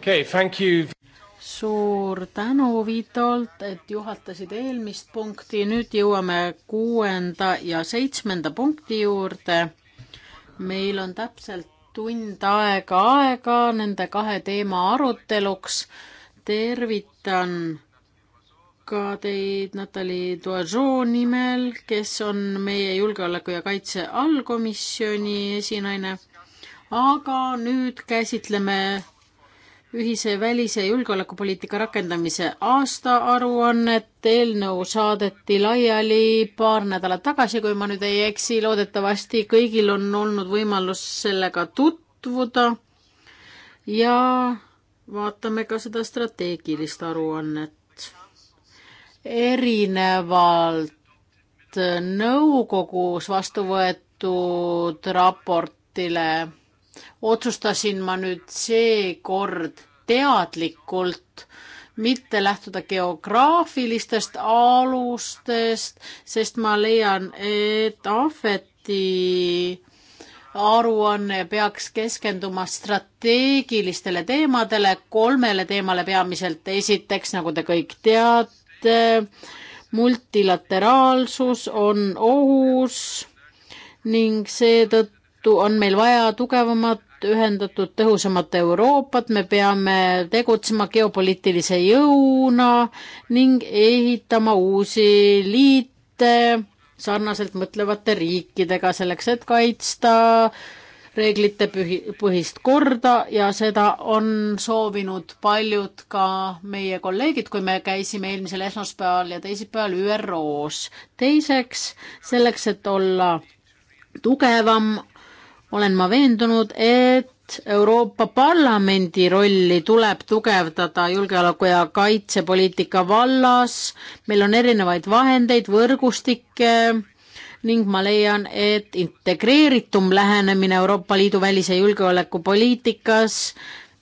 okay,. suur tänu, Vitold, et juhatasid eelmist punkti, nüüd jõuame kuuenda ja seitsmenda punkti juurde. meil on täpselt tund aega aega nende kahe teema aruteluks. tervitan ka teid Natalja Toisoo nimel, kes on meie julgeoleku ja kaitse allkomisjoni esinaine. aga nüüd käsitleme ühise välise julgeolekupoliitika rakendamise aastaaruannet. eelnõu saadeti laiali paar nädalat tagasi, kui ma nüüd ei eksi. loodetavasti kõigil on olnud võimalus sellega tutvuda. ja vaatame ka seda strateegilist aruannet. erinevalt nõukogus vastu võetud raportile otsustasin ma nüüd seekord teadlikult mitte lähtuda geograafilistest alustest, sest ma leian, et ahveti aruanne peaks keskenduma strateegilistele teemadele, kolmele teemale peamiselt. esiteks, nagu te kõik teate, multilateraalsus on ohus ning seetõttu seetõttu on meil vaja tugevamat, ühendatud, tõhusamat Euroopat, me peame tegutsema geopoliitilise jõuna ning ehitama uusi liite sarnaselt mõtlevate riikidega selleks, et kaitsta reeglite pühi, põhist korda ja seda on soovinud paljud ka meie kolleegid, kui me käisime eelmisel esmaspäeval ja teisipäeval ÜRO-s. teiseks, selleks, et olla tugevam, olen ma veendunud, et Euroopa Parlamendi rolli tuleb tugevdada julgeoleku ja kaitsepoliitika vallas. meil on erinevaid vahendeid, võrgustikke ning ma leian, et integreeritum lähenemine Euroopa Liidu välise julgeolekupoliitikas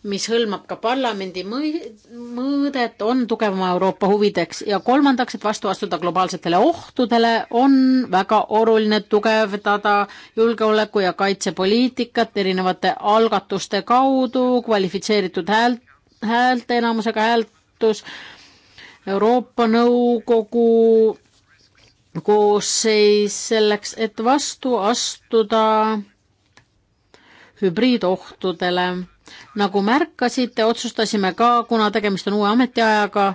mis hõlmab ka parlamendi mõõdet, on tugevama Euroopa huvideks ja kolmandaks, et vastu astuda globaalsetele ohtudele, on väga oluline tugevdada julgeoleku- ja kaitsepoliitikat erinevate algatuste kaudu, kvalifitseeritud häält, häälte enamusega häältus, Euroopa Nõukogu koosseis selleks, et vastu astuda hübriidohtudele nagu märkasite, otsustasime ka, kuna tegemist on uue ametiajaga,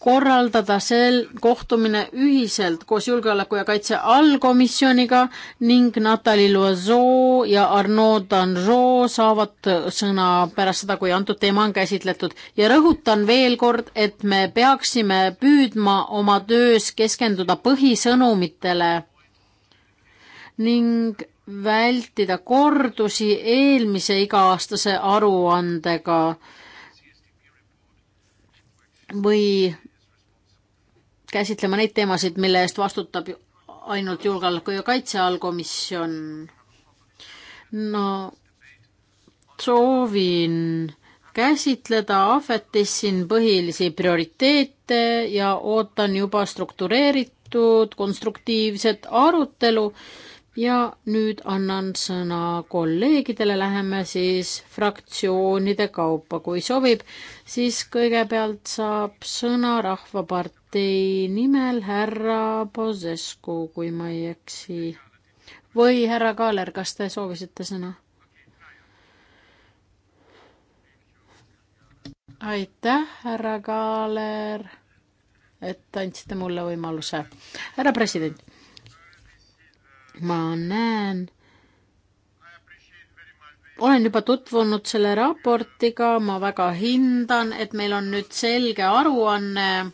korraldada sel kohtumine ühiselt koos Julgeoleku ja Kaitse allkomisjoniga ning Natalja Loiseau ja Arnaud Danjou saavad sõna pärast seda, kui antud teema on käsitletud. ja rõhutan veel kord, et me peaksime püüdma oma töös keskenduda põhisõnumitele ning vältida kordusi eelmise iga-aastase aruandega või käsitlema neid teemasid, mille eest vastutab ainult julgeoleku ja kaitse allkomisjon. no soovin käsitleda Ahvetis siin põhilisi prioriteete ja ootan juba struktureeritud konstruktiivset arutelu ja nüüd annan sõna kolleegidele, läheme siis fraktsioonide kaupa, kui sobib, siis kõigepealt saab sõna Rahvapartei nimel härra Pozescu, kui ma ei eksi. või härra Kaaler, kas te soovisite sõna? aitäh, härra Kaaler, et andsite mulle võimaluse. härra president ma näen, olen juba tutvunud selle raportiga, ma väga hindan, et meil on nüüd selge aruanne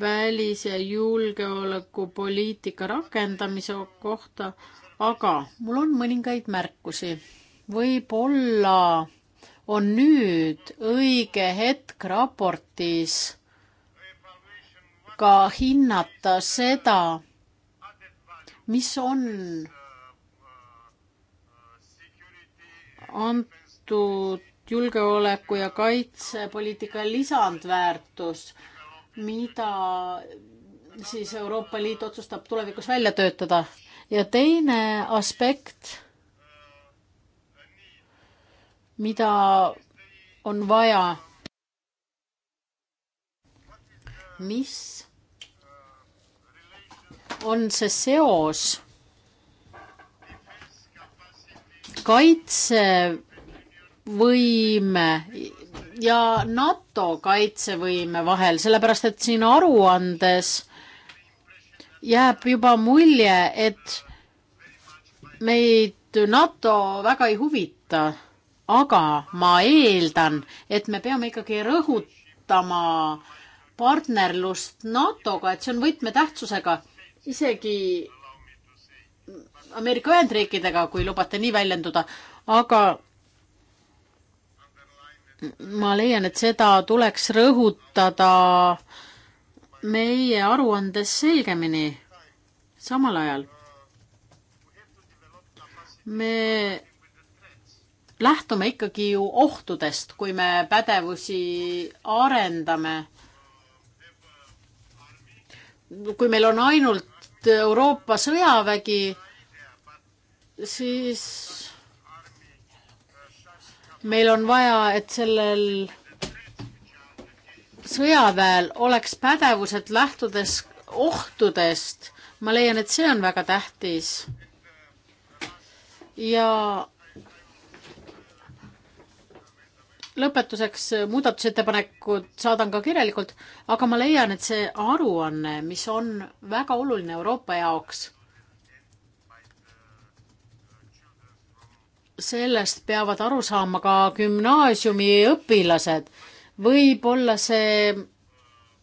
välis- ja julgeolekupoliitika rakendamise kohta, aga mul on mõningaid märkusi. võib-olla on nüüd õige hetk raportis ka hinnata seda, mis on antud julgeoleku ja kaitsepoliitika lisandväärtus, mida siis Euroopa Liit otsustab tulevikus välja töötada. ja teine aspekt, mida on vaja, mis on see seos kaitsevõime ja NATO kaitsevõime vahel, sellepärast et siin aruandes jääb juba mulje, et meid NATO väga ei huvita, aga ma eeldan, et me peame ikkagi rõhutama partnerlust NATO-ga, et see on võtmetähtsusega isegi Ameerika Ühendriikidega, kui lubate nii väljenduda, aga ma leian, et seda tuleks rõhutada meie aruandes selgemini samal ajal. me lähtume ikkagi ju ohtudest, kui me pädevusi arendame. kui meil on ainult nüüd Euroopa sõjavägi, siis meil on vaja, et sellel sõjaväel oleks pädevused lähtudes ohtudest. ma leian, et see on väga tähtis. ja lõpetuseks muudatusettepanekud saadan ka kirjalikult, aga ma leian, et see aruanne, mis on väga oluline Euroopa jaoks, sellest peavad aru saama ka gümnaasiumiõpilased. võib-olla see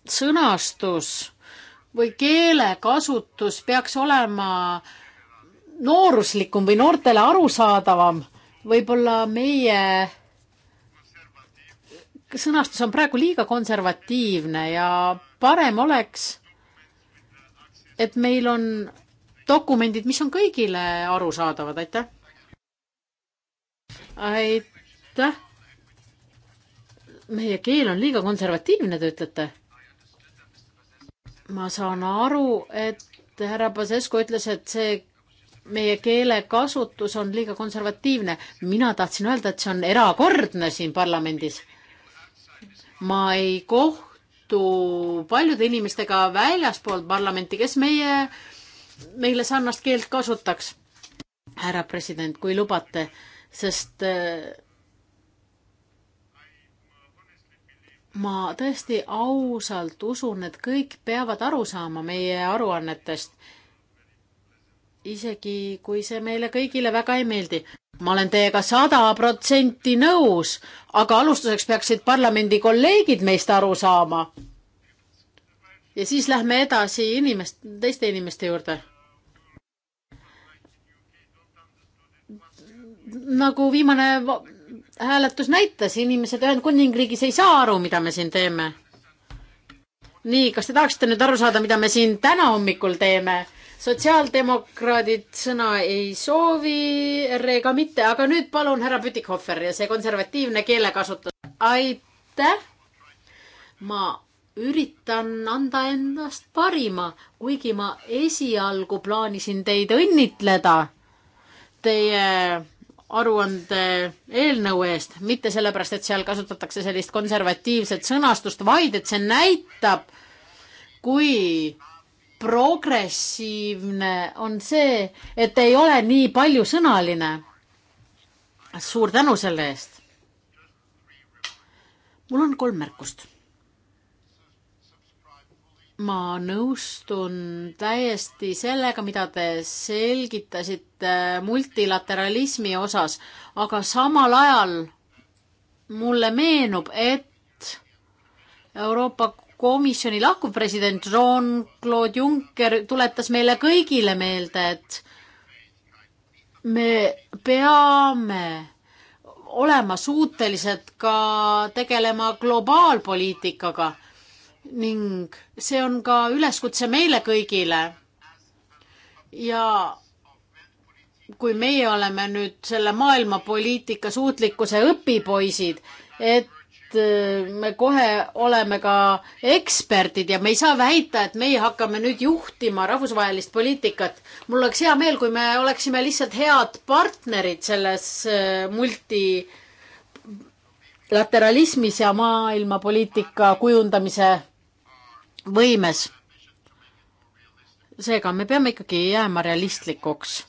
sõnastus või keelekasutus peaks olema nooruslikum või noortele arusaadavam. võib-olla meie sõnastus on praegu liiga konservatiivne ja parem oleks, et meil on dokumendid, mis on kõigile arusaadavad, aitäh. aitäh. meie keel on liiga konservatiivne, te ütlete? ma saan aru, et härra Pasesko ütles, et see meie keelekasutus on liiga konservatiivne. mina tahtsin öelda, et see on erakordne siin parlamendis ma ei kohtu paljude inimestega väljaspool parlamenti, kes meie, meile sarnast keelt kasutaks. härra president, kui lubate, sest äh, ma tõesti ausalt usun, et kõik peavad aru saama meie aruannetest isegi kui see meile kõigile väga ei meeldi. ma olen teiega sada protsenti nõus, aga alustuseks peaksid parlamendi kolleegid meist aru saama. ja siis lähme edasi inimest, teiste inimeste juurde. nagu viimane hääletus näitas, inimesed Ühendkuningriigis ei saa aru, mida me siin teeme. nii, kas te tahaksite nüüd aru saada, mida me siin täna hommikul teeme? sotsiaaldemokraadid sõna ei soovi, ERR ka mitte, aga nüüd palun härra Pütikhofer ja see konservatiivne keelekasutus. aitäh! ma üritan anda endast parima, kuigi ma esialgu plaanisin teid õnnitleda teie aruande eelnõu eest, mitte sellepärast, et seal kasutatakse sellist konservatiivset sõnastust, vaid et see näitab, kui progressiivne on see, et ei ole nii paljusõnaline. suur tänu selle eest. mul on kolm märkust. ma nõustun täiesti sellega, mida te selgitasite multilateralismi osas, aga samal ajal mulle meenub, et Euroopa komisjoni lahkuv president Jean-Claude Juncker tuletas meile kõigile meelde, et me peame olema suutelised ka tegelema globaalpoliitikaga ning see on ka üleskutse meile kõigile. ja kui meie oleme nüüd selle maailmapoliitika suutlikkuse õpipoisid, et Äh, me kohe oleme ka eksperdid ja me ei saa väita, et meie hakkame nüüd juhtima rahvusvahelist poliitikat. mul oleks hea meel, kui me oleksime lihtsalt head partnerid selles äh, multilateralismis ja maailmapoliitika kujundamise võimes. seega me peame ikkagi jääma realistlikuks.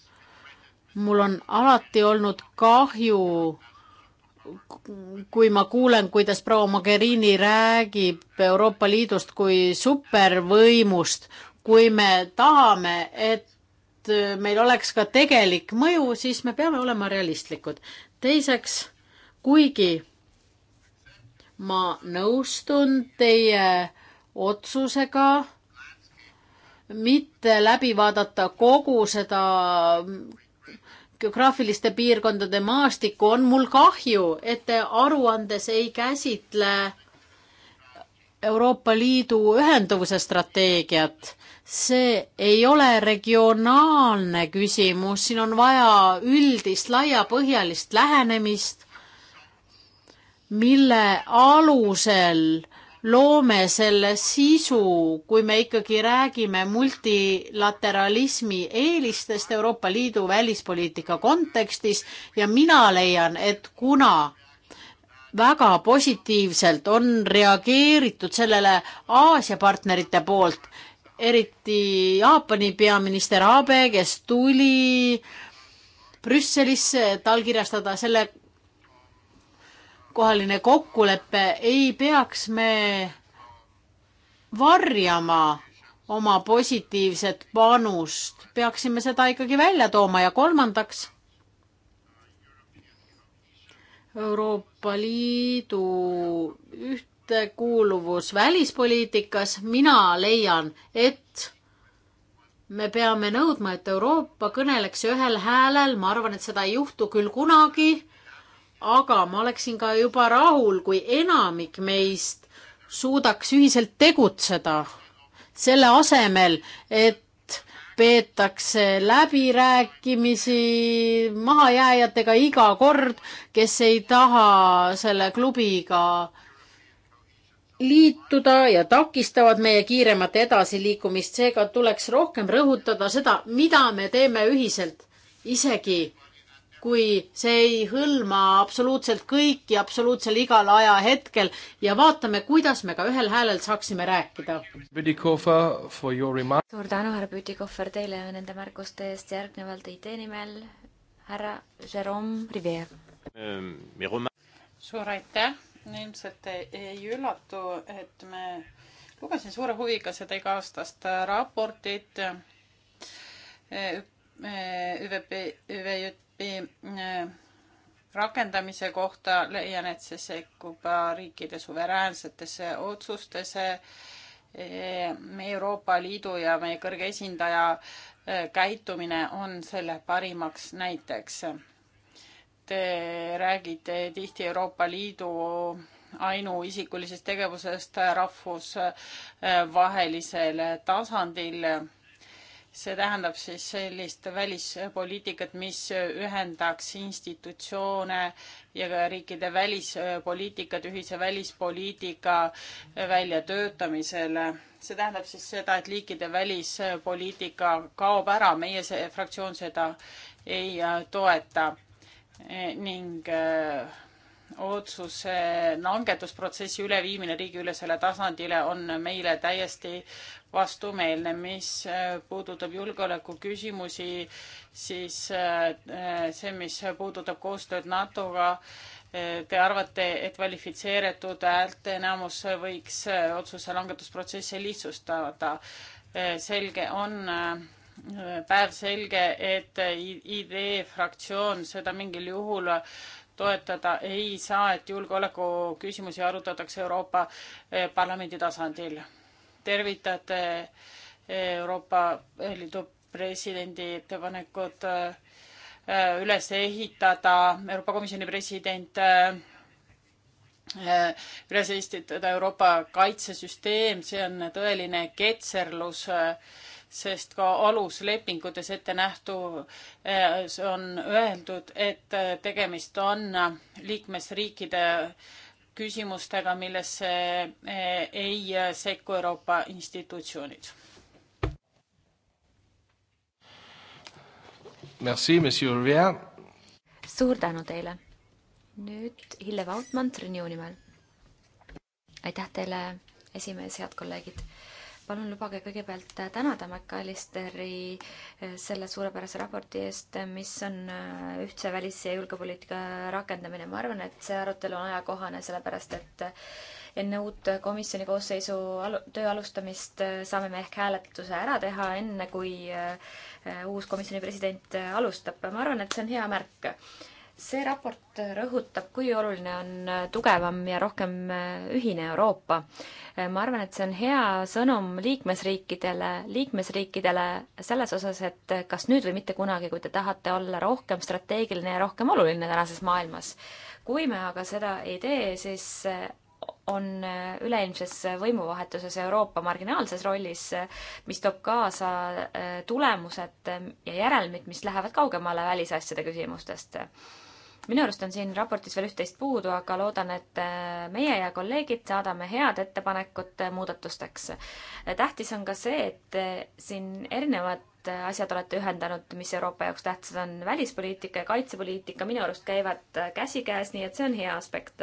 mul on alati olnud kahju kui ma kuulen, kuidas proua Mogherini räägib Euroopa Liidust kui supervõimust, kui me tahame, et meil oleks ka tegelik mõju, siis me peame olema realistlikud. teiseks, kuigi ma nõustun teie otsusega mitte läbi vaadata kogu seda geograafiliste piirkondade maastikku, on mul kahju, et te aruandes ei käsitle Euroopa Liidu ühenduvuse strateegiat. see ei ole regionaalne küsimus, siin on vaja üldist laiapõhjalist lähenemist, mille alusel loome selle sisu, kui me ikkagi räägime multilateralismi eelistest Euroopa Liidu välispoliitika kontekstis ja mina leian, et kuna väga positiivselt on reageeritud sellele Aasia partnerite poolt, eriti Jaapani peaminister Abe, kes tuli Brüsselisse, et allkirjastada selle rahvusvaheline kokkulepe, ei peaks me varjama oma positiivset panust, peaksime seda ikkagi välja tooma ja kolmandaks, Euroopa Liidu ühtekuuluvus välispoliitikas, mina leian, et me peame nõudma, et Euroopa kõneleks ühel häälel, ma arvan, et seda ei juhtu küll kunagi, aga ma oleksin ka juba rahul, kui enamik meist suudaks ühiselt tegutseda, selle asemel, et peetakse läbirääkimisi mahajääjatega iga kord, kes ei taha selle klubiga liituda ja takistavad meie kiiremat edasiliikumist, seega tuleks rohkem rõhutada seda, mida me teeme ühiselt. isegi kui see ei hõlma absoluutselt kõiki absoluutselt igal ajahetkel ja vaatame, kuidas me ka ühel häälel saaksime rääkida. suur tänu, härra Pütikofer, teile nende märkuste eest. järgnevalt idee nimel härra Jerome Rivier. suur aitäh. ilmselt ei üllatu, et me lugesin suure huviga seda iga-aastast raportit ÜVP, ÜVJT Äh, rakendamise kohta leian, et see sekkub äh, riikide suveräänsetesse otsustesse. meie äh, Euroopa Liidu ja meie kõrge esindaja käitumine on selle parimaks näiteks. Te räägite tihti Euroopa Liidu ainuisikulisest tegevusest rahvusvahelisel tasandil see tähendab siis sellist välispoliitikat, mis ühendaks institutsioone ja ka riikide välispoliitikat ühise välispoliitika väljatöötamisele. see tähendab siis seda, et liikide välispoliitika kaob ära, meie see fraktsioon seda ei toeta ning äh, otsuse langetusprotsessi üleviimine riigiülesele tasandile on meile täiesti vastumeelne, mis äh, puudutab julgeoleku küsimusi, siis äh, äh, see, mis puudutab koostööd NATO-ga, te arvate, et kvalifitseeritud häälteenamus võiks otsuse langetusprotsessi lihtsustada? selge on, päevselge, et idee fraktsioon seda mingil juhul toetada ei saa, et julgeoleku küsimusi arutatakse Euroopa Parlamendi tasandil tervitate Euroopa Liidu presidendi ettepanekut äh, üles ehitada Euroopa Komisjoni president äh, üles ehitada Euroopa kaitsesüsteem, see on tõeline ketserlus, äh, sest ka aluslepingutes ette nähtu on öeldud, et tegemist on liikmesriikide küsimustega, millesse eh, ei eh, sekku Euroopa institutsioonid. Merci, monsieur Rivière. suur tänu teile. nüüd Hille Vautmann Renew nimel. aitäh teile, esimees, head kolleegid palun lubage kõigepealt tänada McAllisteri eh, selle suurepärase raporti eest, mis on eh, ühtse välis- ja julgepoliitika rakendamine. ma arvan, et see arutelu on ajakohane, sellepärast et eh, enne uut komisjoni koosseisu alu-, töö alustamist saame me ehk hääletuse ära teha, enne kui uus komisjoni president alustab. ma arvan, et see on hea märk see raport rõhutab, kui oluline on tugevam ja rohkem äh, ühine Euroopa. Äh, ma arvan, et see on hea sõnum liikmesriikidele, liikmesriikidele selles osas, et kas nüüd või mitte kunagi, kui te tahate olla rohkem strateegiline ja rohkem oluline tänases maailmas. kui me aga seda ei tee, siis äh, on üleilmses võimuvahetuses Euroopa marginaalses rollis, mis toob kaasa tulemused ja järelmid, mis lähevad kaugemale välisasjade küsimustest minu arust on siin raportis veel üht-teist puudu, aga loodan, et äh, meie ja kolleegid saadame head ettepanekud äh, muudatusteks. tähtis on ka see, et äh, siin erinevad asjad olete ühendanud, mis Euroopa jaoks tähtsad on, välispoliitika ja kaitsepoliitika minu arust käivad käsikäes, nii et see on hea aspekt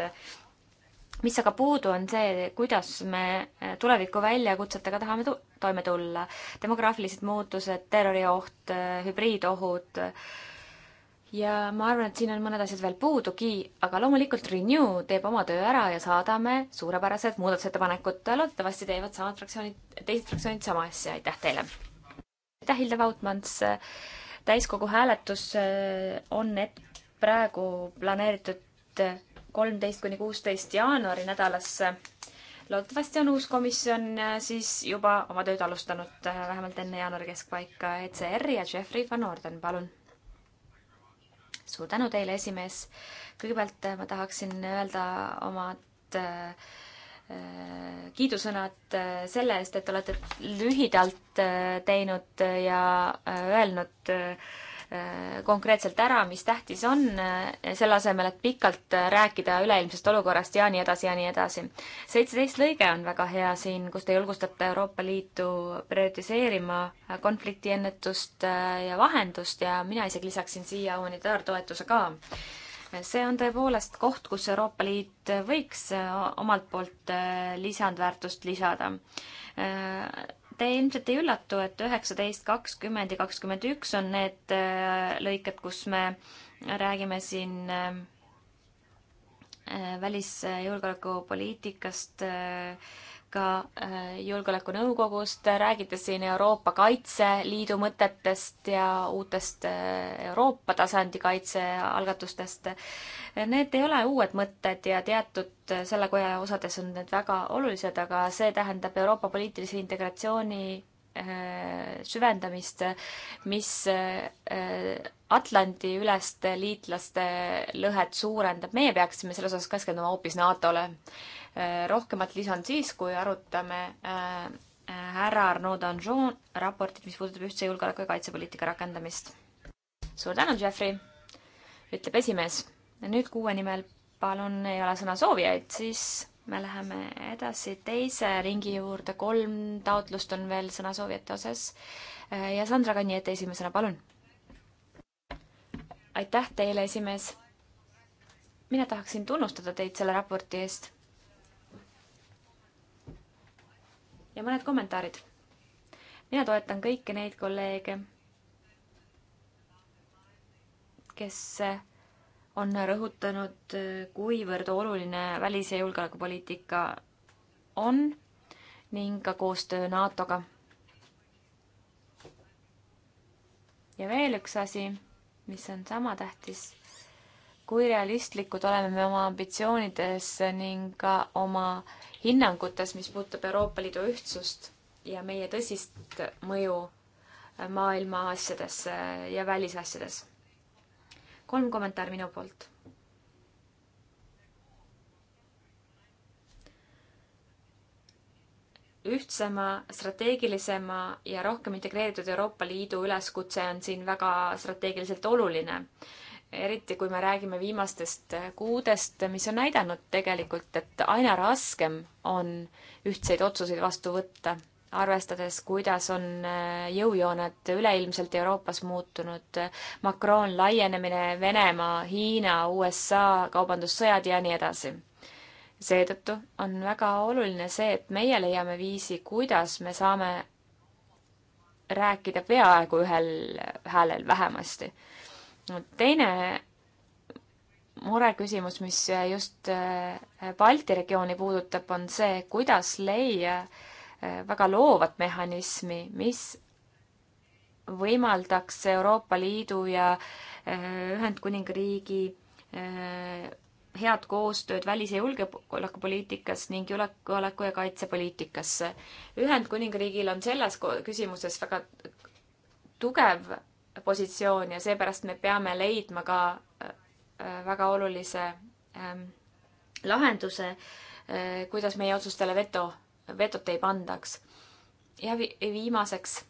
mis aga puudu on see, kuidas me tuleviku väljakutsetega tahame tu toime tulla. demograafilised muutused, terrorioht, hübriidohud äh,, ja ma arvan, et siin on mõned asjad veel puudugi, aga loomulikult Renew teeb oma töö ära ja saadame suurepärased muudatusettepanekud. loodetavasti teevad samad fraktsioonid, teised fraktsioonid sama asja. aitäh teile! aitäh, Hilde Vautmans! täiskogu hääletus äh, on et praegu planeeritud äh, kolmteist kuni kuusteist jaanuari nädalasse. loodetavasti on uus komisjon äh, siis juba oma tööd alustanud, vähemalt enne jaanuari keskpaika. ECR ja Jeffrey Van Orden, palun suur tänu teile, esimees. kõigepealt äh, ma tahaksin öelda omad äh, äh kiidusõnad äh, selle eest, et olete lühidalt teinud ja öelnud äh, Äh, konkreetselt ära, mis tähtis on, äh, selle asemel, et pikalt äh, rääkida üleilmsest olukorrast ja nii edasi ja nii edasi. seitseteist lõige on väga hea siin, kus te julgustate Euroopa Liitu prioritiseerima konfliktiennetust ja vahendust ja mina isegi lisaksin siia humanitaartoetuse ka see on tõepoolest koht, kus Euroopa Liit võiks omalt poolt lisandväärtust lisada Te ilmselt ei üllatu, et üheksateist, kakskümmend ja kakskümmend üks on need äh, lõiked, kus me räägime siin äh, välisjulgeolekupoliitikast äh, ka äh, Julgeolekunõukogust, räägite siin Euroopa Kaitseliidu mõtetest ja uutest äh, Euroopa tasandi kaitsealgatustest. Need ei ole uued mõtted ja teatud äh, selle koja osades on need väga olulised, aga see tähendab Euroopa poliitilise integratsiooni süvendamist, mis Atlandi-üleste liitlaste lõhet suurendab. meie peaksime selles osas keskenduma hoopis NATO-le Äh, rohkemat lisan siis, kui arutame äh, äh, härra Arnaud Danjon raportit, mis puudutab ühtse julgeoleku ja kaitsepoliitika rakendamist. suur tänu, Jeffrey, ütleb esimees. nüüd kuue nimel palun, ei ole sõnasoovijaid, siis me läheme edasi teise ringi juurde, kolm taotlust on veel sõnasoovijate osas. ja Sandra Kanniete esimesena, palun. aitäh teile, esimees. mina tahaksin tunnustada teid selle raporti eest ja mõned kommentaarid. mina toetan kõiki neid kolleege, kes on rõhutanud, kuivõrd oluline välis- ja julgeolekupoliitika on ning ka koostöö NATO-ga. ja veel üks asi, mis on sama tähtis kui realistlikud oleme me oma ambitsioonides ning ka oma hinnangutes, mis puudutab Euroopa Liidu ühtsust ja meie tõsist mõju äh, maailma asjadesse äh, ja välisasjades. kolm kommentaari minu poolt. ühtsema, strateegilisema ja rohkem integreeritud Euroopa Liidu üleskutse on siin väga strateegiliselt oluline eriti kui me räägime viimastest kuudest, mis on näidanud tegelikult, et aina raskem on ühtseid otsuseid vastu võtta, arvestades, kuidas on äh, jõujooned üleilmselt Euroopas muutunud, Macron laienemine, Venemaa, Hiina, USA kaubandussõjad ja nii edasi seetõttu on väga oluline see, et meie leiame viisi, kuidas me saame rääkida peaaegu ühel häälel vähemasti teine mureküsimus, mis just äh, Balti regiooni puudutab, on see, kuidas leia äh, väga loovat mehhanismi, mis võimaldaks Euroopa Liidu ja äh, Ühendkuningriigi head koostööd välis- ja julgeolekupoliitikas ning julgeoleku- ja kaitsepoliitikas. Ühendkuningriigil on selles küsimuses väga tugev positsioon ja seepärast me peame leidma ka äh, äh, väga olulise ähm, lahenduse, äh, kuidas meie otsustele veto, vetot ei pandaks. ja vi-, viimaseks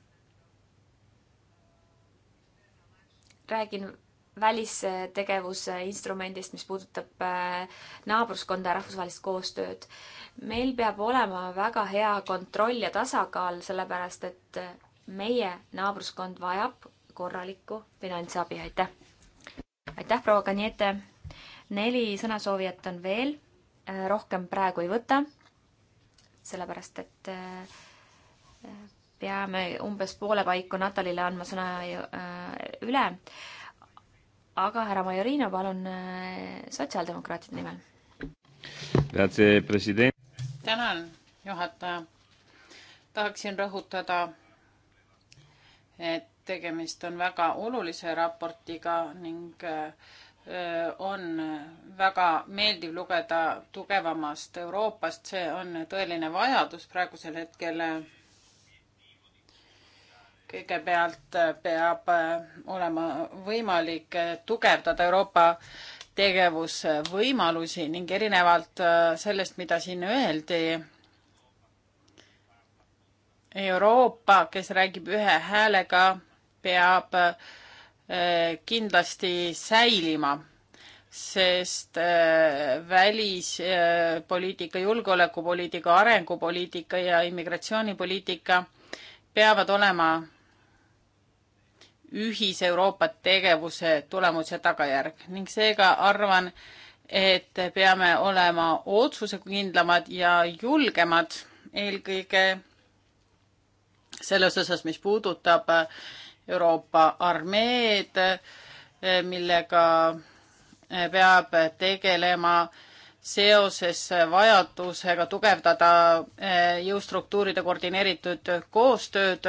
räägin välistegevuse instrumendist, mis puudutab naabruskonda ja rahvusvahelist koostööd. meil peab olema väga hea kontroll ja tasakaal, sellepärast et meie naabruskond vajab korralikku finantsabi, aitäh! aitäh, proua Kaniete! neli sõnasoovijat on veel, äh, rohkem praegu ei võta, sellepärast et äh, äh, peame umbes poole paiku Natalile andma sõna üle. aga härra Majorino, palun sotsiaaldemokraatide nimel. tänan, juhataja. tahaksin rõhutada, et tegemist on väga olulise raportiga ning äh, on väga meeldiv lugeda tugevamast Euroopast, see on tõeline vajadus praegusel hetkel. kõigepealt äh, peab äh, olema võimalik tugevdada Euroopa tegevusvõimalusi ning erinevalt sellest, mida siin öeldi, Euroopa, kes räägib ühe häälega peab eh, kindlasti säilima, sest eh, välispoliitika, eh, julgeolekupoliitika, arengupoliitika ja immigratsioonipoliitika peavad olema ühise Euroopa tegevuse tulemus ja tagajärg ning seega arvan, et peame olema otsusekindlamad ja julgemad eelkõige selles osas, mis puudutab äh, Euroopa armeed, millega peab tegelema seoses vajadusega tugevdada eh, jõustruktuuride koordineeritud koostööd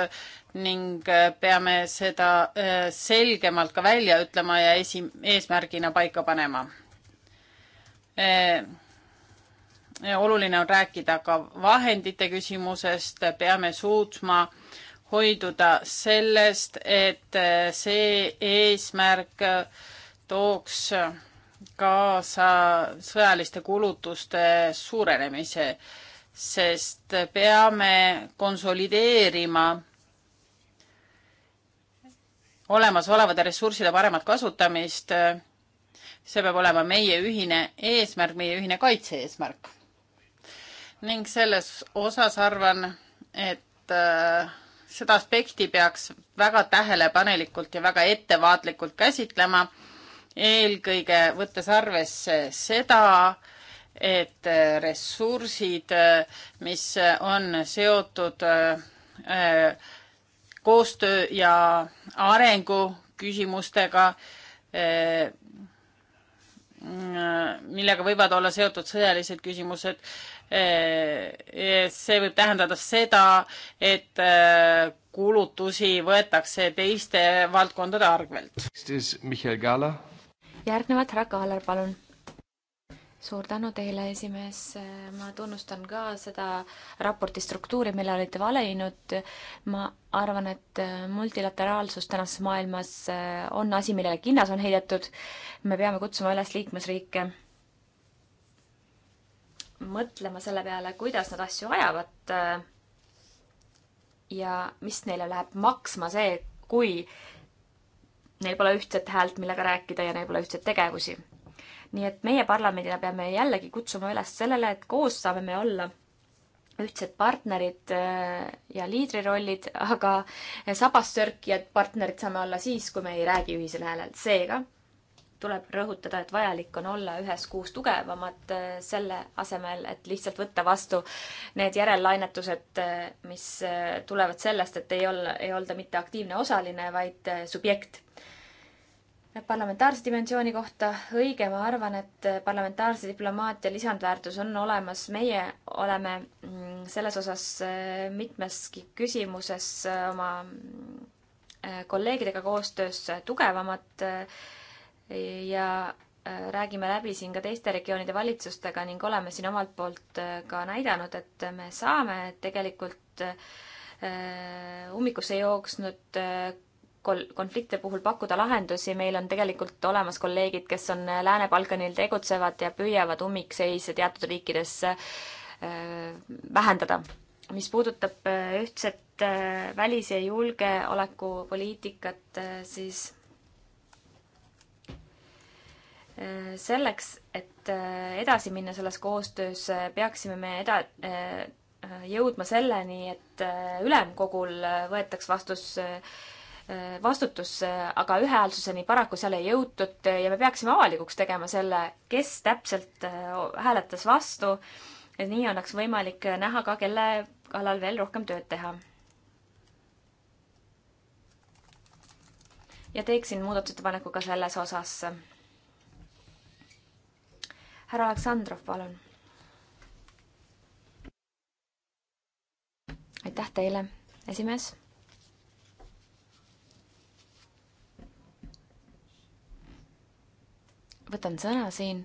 ning eh, peame seda eh, selgemalt ka välja ütlema ja esi, eesmärgina paika panema. oluline on rääkida ka vahendite küsimusest, peame suutma äh, hoiduda sellest, et äh, see eesmärk äh, tooks kaasa sõjaliste kulutuste suurenemise, sest peame konsolideerima olemasolevate ressursside paremat kasutamist. see peab olema meie ühine eesmärk, meie ühine kaitse-eesmärk. ning selles osas arvan, et äh, seda aspekti peaks väga tähelepanelikult ja väga ettevaatlikult käsitlema. eelkõige võttes arvesse seda, et äh, ressursid, äh, mis on seotud äh, koostöö ja arengu küsimustega, mm, millega võivad olla seotud sõjalised küsimused, Eh, eh, see võib tähendada seda, et eh, kulutusi võetakse teiste valdkondade arvelt. järgnevalt härra Kaaler, palun. suur tänu teile, esimees. ma tunnustan ka seda raporti struktuuri, mille olete valinud. ma arvan, et multilateraalsus tänases maailmas on asi, millele kinnas on heidetud. me peame kutsuma üles liikmesriike mõtlema selle peale, kuidas nad asju ajavad äh, ja mis neile läheb maksma see, kui neil pole ühtset häält, millega rääkida ja neil pole ühtseid tegevusi. nii et meie parlamendina peame jällegi kutsuma üles sellele, et koos saame me olla ühtsed partnerid äh, ja liidrirollid, aga sabassörkijad partnerid saame olla siis, kui me ei räägi ühisel häälel. seega tuleb rõhutada, et vajalik on olla ühes kuus tugevamad äh, selle asemel, et lihtsalt võtta vastu need järellainetused, äh, mis äh, tulevad sellest, et ei olla, ei olda mitte aktiivne osaline, vaid subjekt. parlamentaarse dimensiooni kohta õige, ma arvan, et parlamentaarse diplomaatia lisandväärtus on olemas, meie oleme mm, selles osas mitmeski küsimuses oma mm, kolleegidega koostöös tugevamad ja äh, räägime läbi siin ka teiste regioonide valitsustega ning oleme siin omalt poolt äh, ka näidanud, et me saame tegelikult äh, ummikusse jooksnud kol-, konflikte puhul pakkuda lahendusi, meil on tegelikult olemas kolleegid, kes on Lääne-Balkanil tegutsevad ja püüavad ummikseise teatud riikides vähendada. mis puudutab ühtset välis- ja julgeolekupoliitikat, siis selleks, et äh, edasi minna selles koostöös, äh, peaksime me eda-, äh, jõudma selleni, et ülemkogul võetaks vastus, vastutus, aga ühehäälsuseni paraku seal ei jõutud ja me peaksime avalikuks tegema selle, kes täpselt hääletas vastu, et nii oleks võimalik näha ka, kelle kallal veel rohkem tööd teha ja teeksin muudatusettepaneku ka selles osas härra Aleksandrov, palun. aitäh teile, esimees. võtan sõna siin,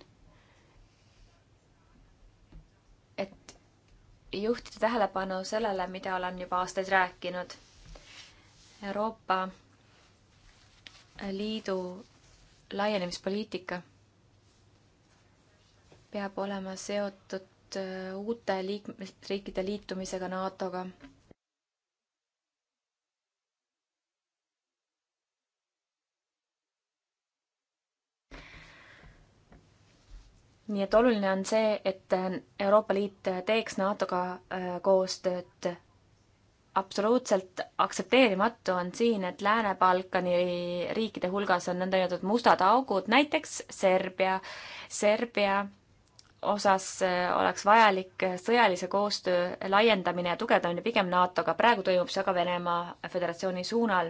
et juhtida tähelepanu sellele, mida olen juba aastaid rääkinud. Euroopa Liidu laienemispoliitika peab olema seotud äh, uute liikmesriikide liitumisega NATO-ga. nii et oluline on see, et Euroopa Liit teeks NATO-ga äh, koostööd absoluutselt aktsepteerimatu on siin, et Lääne-Balkani riikide hulgas on nõndanimetatud mustad augud, näiteks Serbia. Serbia osas äh, oleks vajalik äh, sõjalise koostöö laiendamine ja tugevdamine pigem NATO-ga, praegu toimub see aga Venemaa Föderatsiooni suunal.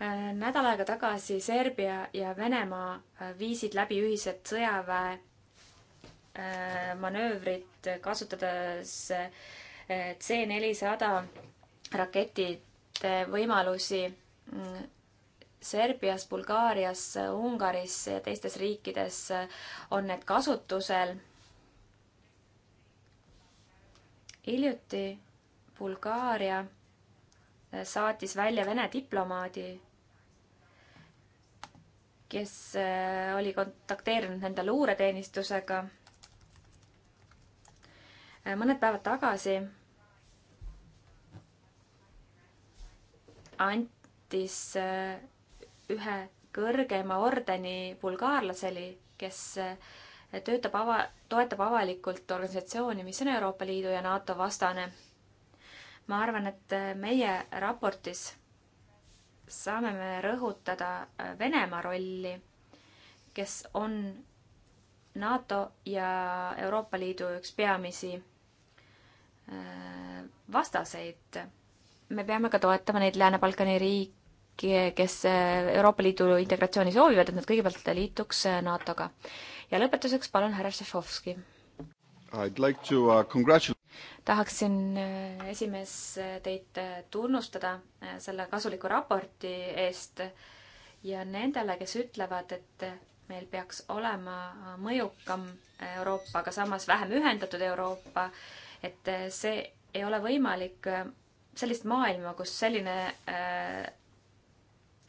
Äh, nädal aega tagasi Serbia ja Venemaa viisid läbi ühised sõjaväe manöövrid, kasutades C400 raketite võimalusi mm, Serbias, Bulgaarias, Ungaris ja teistes riikides on need kasutusel. hiljuti Bulgaaria saatis välja Vene diplomaadi, kes äh, oli kontakteerunud nende luureteenistusega. Äh, mõned päevad tagasi anti andis äh, ühe kõrgema ordeni bulgaarlaseli, kes eh, töötab ava, toetab avalikult organisatsiooni, mis on Euroopa Liidu ja NATO vastane. ma arvan, et eh, meie raportis saame me rõhutada eh, Venemaa rolli, kes on NATO ja Euroopa Liidu üks peamisi vastaseid. me peame ka toetama neid Lääne-Balkani riike, kes Euroopa Liidu integratsiooni soovivad, et nad kõigepealt liituks NATO-ga. ja lõpetuseks palun härra Šefovski. Like to, uh, tahaksin, äh, esimees, äh, teid äh, tunnustada selle kasuliku raporti eest ja nendele, kes ütlevad, et meil peaks olema mõjukam Euroopa, aga samas vähem ühendatud Euroopa, et see ei ole võimalik sellist maailma, kus selline äh,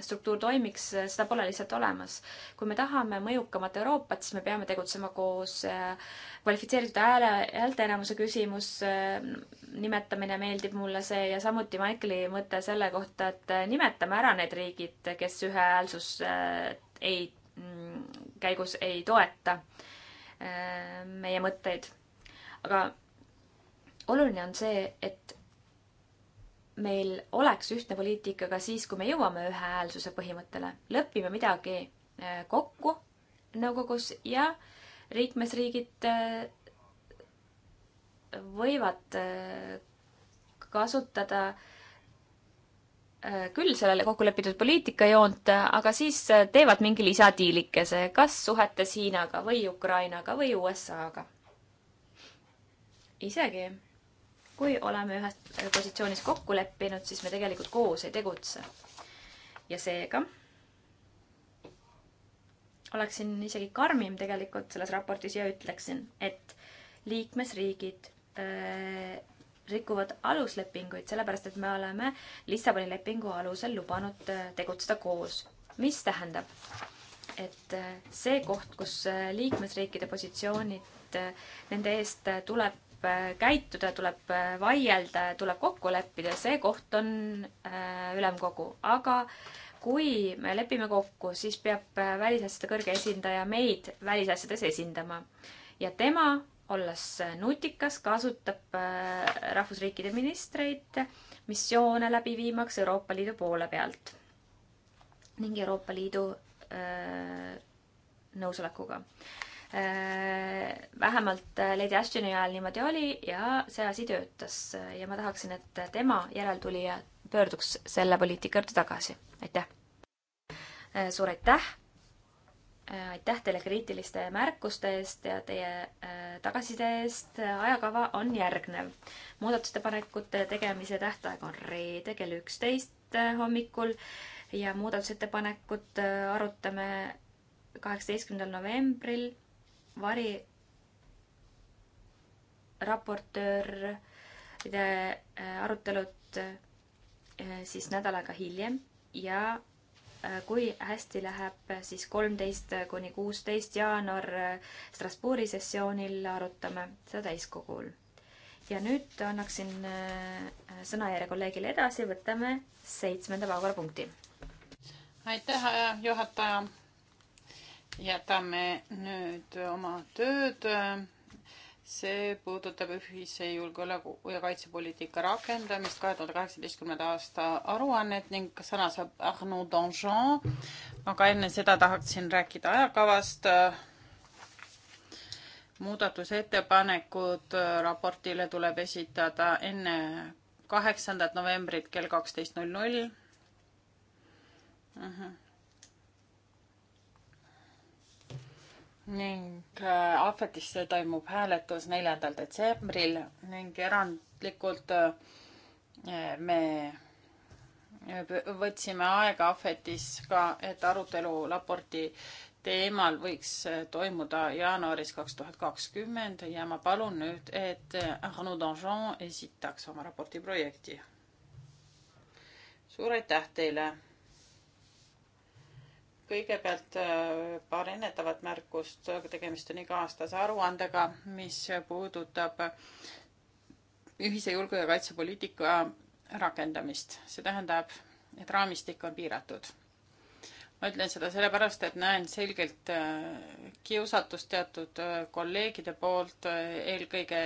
struktuur toimiks, seda pole lihtsalt olemas. kui me tahame mõjukamat Euroopat, siis me peame tegutsema koos äh, kvalifitseeritud hääle, häälteenamuse küsimus, äh, nimetamine meeldib mulle see ja samuti Michaeli mõte selle kohta, et äh, nimetame ära need riigid, kes ühehäälsus ei, mm, käigus ei toeta meie mõtteid. aga oluline on see, et meil oleks ühtne poliitika ka siis, kui me jõuame ühehäälsuse põhimõttele. lepime midagi äh, kokku nõukogus ja liikmesriigid äh, võivad äh, kasutada küll sellele kokku lepitud poliitikajoont, aga siis teevad mingi lisatiilikese, kas suhetes Hiinaga või Ukrainaga või USA-ga. isegi kui oleme ühes positsioonis kokku leppinud, siis me tegelikult koos ei tegutse. ja seega oleksin isegi karmim tegelikult selles raportis ja ütleksin, et liikmesriigid äh, rikuvad aluslepinguid, sellepärast et me oleme Lissaboni lepingu alusel lubanud äh, tegutseda koos. mis tähendab, et äh, see koht, kus äh, liikmesriikide positsioonid, äh, nende eest äh, tuleb Äh, käituda, tuleb äh, vaielda ja tuleb kokku leppida, see koht on äh, ülemkogu, aga kui me lepime kokku, siis peab välisasjade kõrge esindaja meid välisasjades esindama ja tema, olles nutikas, kasutab rahvusriikide ministreid missioone läbi viimaks Euroopa Liidu poole pealt ning Euroopa Liidu öö, nõusolekuga Äh, vähemalt äh, Lady Ashtoni ajal niimoodi oli ja see asi töötas ja ma tahaksin, et tema järeltulija pöörduks selle poliitika juurde tagasi. aitäh! Äh, suur aitäh! aitäh teile kriitiliste märkuste eest ja teie tagasiside eest. ajakava on järgnev. muudatusettepanekute tegemise tähtaeg on reede kell üksteist hommikul ja muudatusettepanekut arutame kaheksateistkümnendal novembril variraportööride äh, arutelud äh, siis nädal aega hiljem ja äh, kui hästi läheb, siis kolmteist kuni kuusteist jaanuar Strasbourgi sessioonil arutame seda täiskogul. ja nüüd annaksin sõnajärje kolleegile edasi, võtame seitsmenda päevakorrapunkti. aitäh, juhataja jätame nüüd oma tööd. see puudutab ühise julgeoleku ja kaitsepoliitika rakendamist kahe tuhande kaheksateistkümnenda aasta aruannet ning sõna saab Arnaud Danjean. aga enne seda tahaksin rääkida ajakavast. muudatusettepanekud raportile tuleb esitada enne kaheksandat novembrit kell kaksteist null null. ning äh, ahvetisse toimub hääletus neljandal detsembril ning erandlikult äh, me äh, võtsime aega ahvetis ka, et arutelu raporti teemal võiks toimuda jaanuaris kaks tuhat kakskümmend ja ma palun nüüd, et Arnaud Danjon esitaks oma raporti projekti. suur aitäh teile kõigepealt äh, paar ennetavat märkust, tegemist on iga-aastase aruandega, mis puudutab ühise julge- ja kaitsepoliitika rakendamist. see tähendab, et raamistik on piiratud. ma ütlen seda sellepärast, et näen selgelt äh, kiusatust teatud äh, kolleegide poolt, eelkõige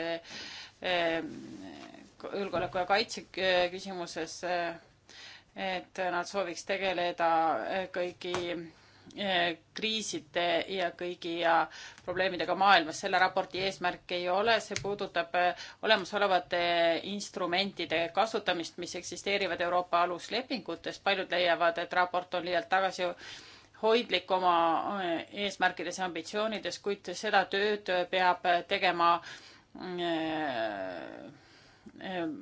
julgeoleku ja kaitse küsimuses et nad sooviks tegeleda eh, kõigi eh, kriiside ja kõigi ja probleemidega maailmas. selle raporti eesmärk ei ole, see puudutab eh, olemasolevate instrumentide kasutamist, mis eksisteerivad Euroopa aluslepingutes. paljud leiavad, et raport on liialt tagasihoidlik oma eesmärkides ja ambitsioonides, kuid seda tööd peab tegema äh,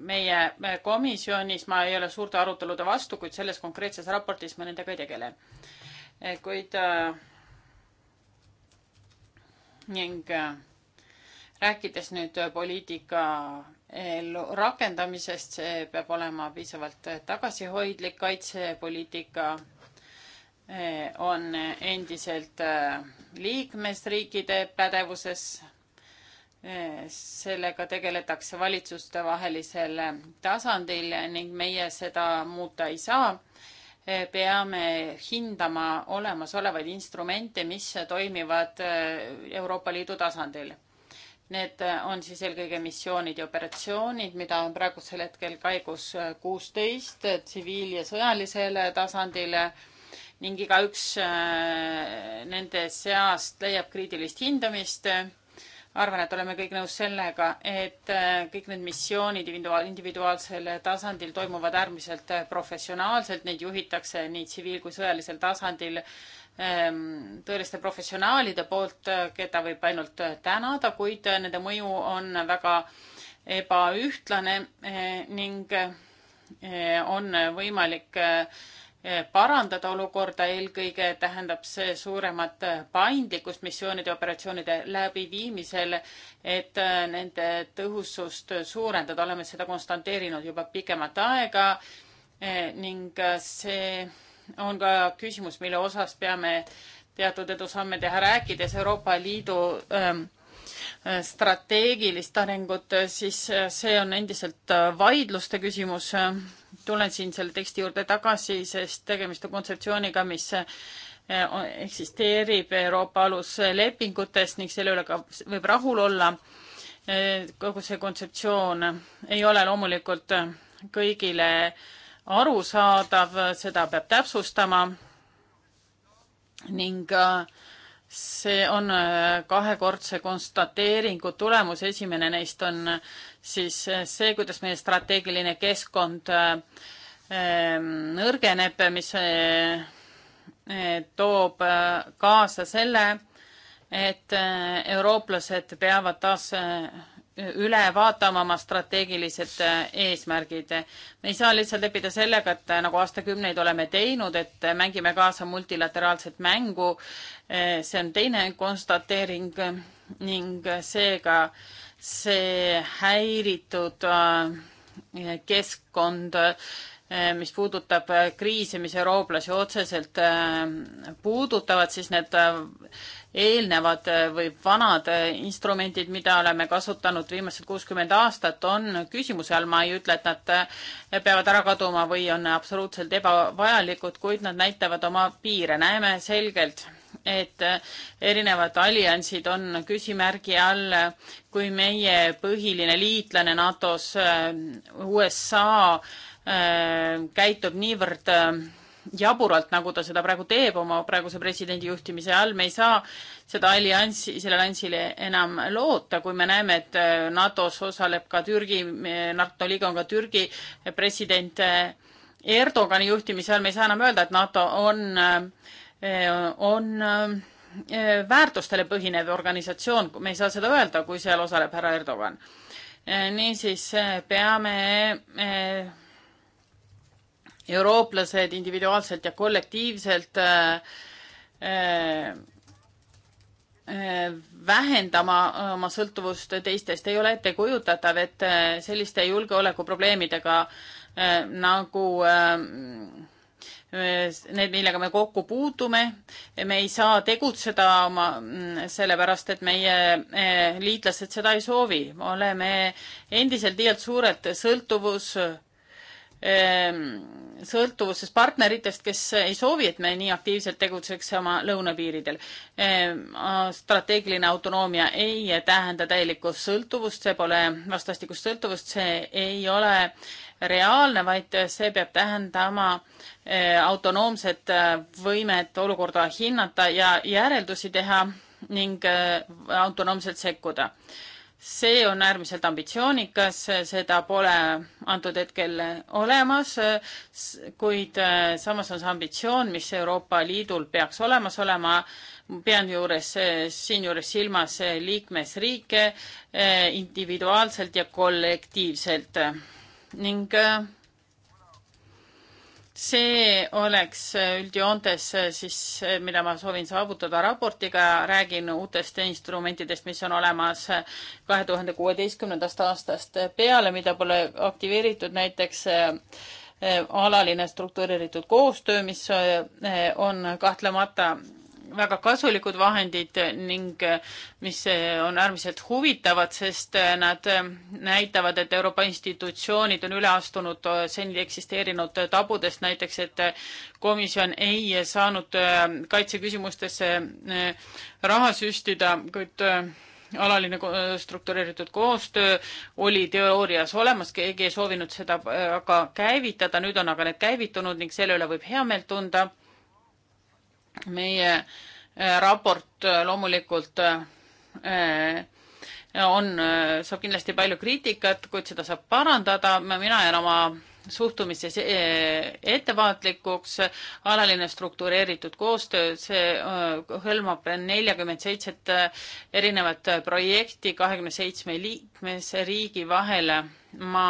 meie komisjonis ma ei ole suurte arutelude vastu, kuid selles konkreetses raportis ma nendega ei tegele. kuid äh, ning äh, rääkides nüüd poliitika ellu rakendamisest, see peab olema piisavalt tagasihoidlik, kaitsepoliitika äh, on endiselt liikmesriikide pädevuses sellega tegeletakse valitsustevahelisel tasandil ning meie seda muuta ei saa. peame hindama olemasolevaid instrumente, mis toimivad Euroopa Liidu tasandil. Need on siis eelkõige missioonid ja operatsioonid, mida on praegusel hetkel käigus kuusteist tsiviil- ja sõjalisel tasandil ning igaüks äh, nende seast leiab kriitilist hindamist arvan, et oleme kõik nõus sellega, et äh, kõik need missioonid individuaal, individuaalsel tasandil toimuvad äärmiselt äh, professionaalselt, neid juhitakse nii tsiviil- kui sõjalisel tasandil ähm, tõeliste professionaalide poolt, äh, keda võib ainult tänada, kuid nende mõju on väga ebaühtlane ning on võimalik parandada olukorda, eelkõige tähendab see suuremat paindlikkust missioonide ja operatsioonide läbiviimisel, et äh, nende tõhusust suurendada, oleme seda konstanteerinud juba pikemat aega äh, ning äh, see on ka küsimus, mille osas peame teatud edusamme teha, rääkides Euroopa Liidu ähm, Äh, strateegilist arengut, äh, siis äh, see on endiselt vaidluste küsimus. tulen siin selle teksti juurde tagasi, sest tegemist on kontseptsiooniga, mis eksisteerib Euroopa aluslepingutes ning selle üle ka võib rahul olla. kogu see kontseptsioon ei ole loomulikult kõigile arusaadav, seda peab täpsustama ning äh, see on äh, kahekordse konstateeringu tulemus, esimene neist on äh, siis äh, see, kuidas meie strateegiline keskkond ähm, nõrgeneb, mis toob kaasa selle, et eurooplased peavad taas üle vaatama oma strateegilised äh, eesmärgid. me ei saa lihtsalt leppida sellega, et äh, nagu aastakümneid oleme teinud, et äh, mängime kaasa multilateraalset mängu. see on teine konstateering ning seega see häiritud keskkond Eh, mis puudutab eh, kriise, mis eurooplasi otseselt eh, puudutavad, siis need eelnevad või vanad instrumendid, mida oleme kasutanud viimased kuuskümmend aastat, on küsimuse all. ma ei ütle, et nad peavad ära kaduma või on absoluutselt ebavajalikud, kuid nad näitavad oma piire. näeme selgelt, et erinevad alliansid on küsimärgi all, kui meie põhiline liitlane NATO-s USA Äh, käitub niivõrd äh, jaburalt, nagu ta seda praegu teeb oma praeguse presidendi juhtimise all, me ei saa seda allianssi, selle alliansile enam loota, kui me näeme, et äh, NATO-s osaleb ka Türgi, NATO liige on ka Türgi president Erdogani juhtimise all, me ei saa enam öelda, et NATO on, on väärtustele põhinev organisatsioon, me ei saa seda öelda, kui seal osaleb härra Erdogan. niisiis peame eurooplased individuaalselt ja kollektiivselt äh, äh, vähendama oma sõltuvust teistest, ei ole ettekujutatav, et äh, selliste julgeolekuprobleemidega nagu need, millega me kokku puutume, me ei saa tegutseda oma, mm, sellepärast et meie liitlased seda ei soovi. oleme endiselt liialt suured sõltuvus Ehm, sõltuvuses partneritest, kes ei soovi, et me nii aktiivselt tegutseks oma lõunapiiridel. Ehm, strateegiline autonoomia ei tähenda täielikku sõltuvust, see pole vastastikust sõltuvust, see ei ole reaalne, vaid see peab tähendama eh, autonoomset eh, võimet olukorda hinnata ja järeldusi teha ning eh, autonoomselt sekkuda see on äärmiselt ambitsioonikas, seda pole antud hetkel olemas, kuid äh, samas on see ambitsioon, mis Euroopa Liidul peaks olemas olema. pean juures, äh, siinjuures silmas äh, liikmesriike individuaalselt ja kollektiivselt ning see oleks äh, üldjoontes äh, siis, äh, mida ma soovin saavutada raportiga, räägin uutest instrumentidest, mis on olemas kahe tuhande kuueteistkümnendast aastast peale, mida pole aktiveeritud, näiteks alaline struktureeritud koostöö, mis on kahtlemata väga kasulikud vahendid ning mis on äärmiselt huvitavad, sest nad näitavad, et Euroopa institutsioonid on üle astunud seni eksisteerinud tabudest, näiteks et komisjon ei saanud kaitseküsimustesse raha süstida, kuid alaline struktureeritud koostöö oli teoorias olemas, keegi ei soovinud seda aga käivitada, nüüd on aga need käivitunud ning selle üle võib heameelt tunda meie äh, raport äh, loomulikult äh, on, saab kindlasti palju kriitikat, kuid seda saab parandada, mina jään oma suhtumises ettevaatlikuks, alaline struktureeritud koostöö, see hõlmab neljakümmet seitset erinevat projekti kahekümne seitsme liikmesriigi vahele. ma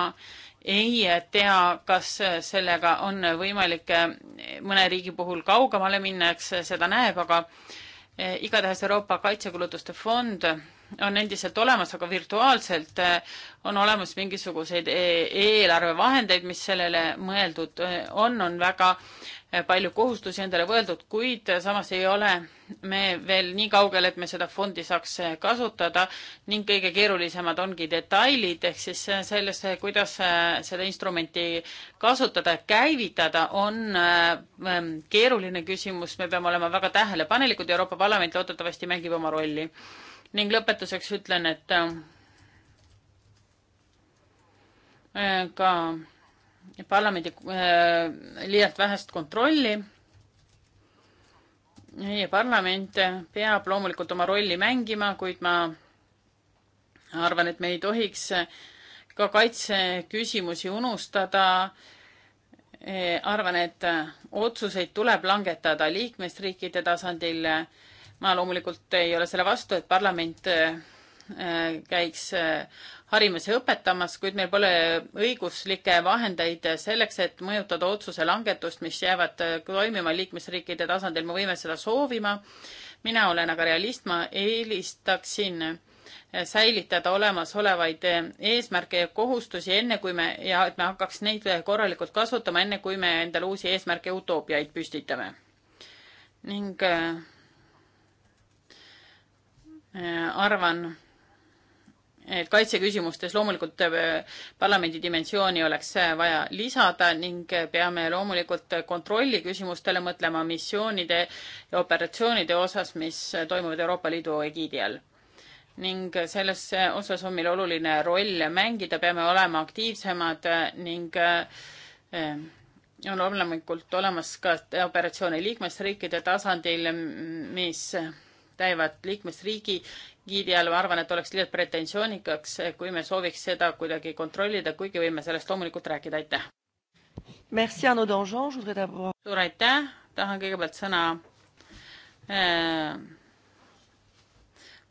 ei tea, kas sellega on võimalik eh, mõne riigi puhul kaugemale minna, eks seda näeb, aga eh, igatahes Euroopa Kaitsekulutuste Fond on endiselt olemas, aga virtuaalselt eh, on olemas mingisuguseid eh, eelarvevahendeid, mis sellele mõeldud eh, on, on väga palju kohustusi endale võetud, kuid samas ei ole me veel nii kaugel, et me seda fondi saaks kasutada ning kõige keerulisemad ongi detailid, ehk siis selles, kuidas seda instrumenti kasutada, käivitada, on mm, keeruline küsimus, me peame olema väga tähelepanelikud, Euroopa Parlament loodetavasti mängib oma rolli ning lõpetuseks ütlen, et äh, ka parlamendi äh, liialt vähest kontrolli. meie parlament peab loomulikult oma rolli mängima, kuid ma arvan, et me ei tohiks ka kaitseküsimusi unustada. Äh, arvan, et otsuseid tuleb langetada liikmesriikide tasandil ma loomulikult ei ole selle vastu, et parlament äh, äh, käiks äh, harimas ja õpetamas, kuid meil pole õiguslikke vahendeid selleks, et mõjutada otsuse langetust, mis jäävad toimima liikmesriikide tasandil, me võime seda soovima. mina olen aga realist, ma eelistaksin säilitada olemasolevaid eesmärke ja kohustusi, enne kui me ja et me hakkaks neid korralikult kasutama, enne kui me endale uusi eesmärke ja utoopiaid püstitame. ning Äh, arvan, et kaitseküsimustes loomulikult äh, parlamendi dimensiooni oleks äh, vaja lisada ning peame loomulikult kontrolli küsimustele mõtlema missioonide ja operatsioonide osas, mis toimuvad Euroopa Liidu egiidi all. ning selles osas on meil oluline roll mängida, peame olema aktiivsemad ning on loomulikult olemas ka operatsioone liikmesriikide tasandil, mis käivad liikmesriigi giidi all, ma arvan, et oleks liialt pretensioonikaks, kui me sooviks seda kuidagi kontrollida, kuigi võime sellest loomulikult rääkida, aitäh. suur aitäh, tahan kõigepealt sõna äh,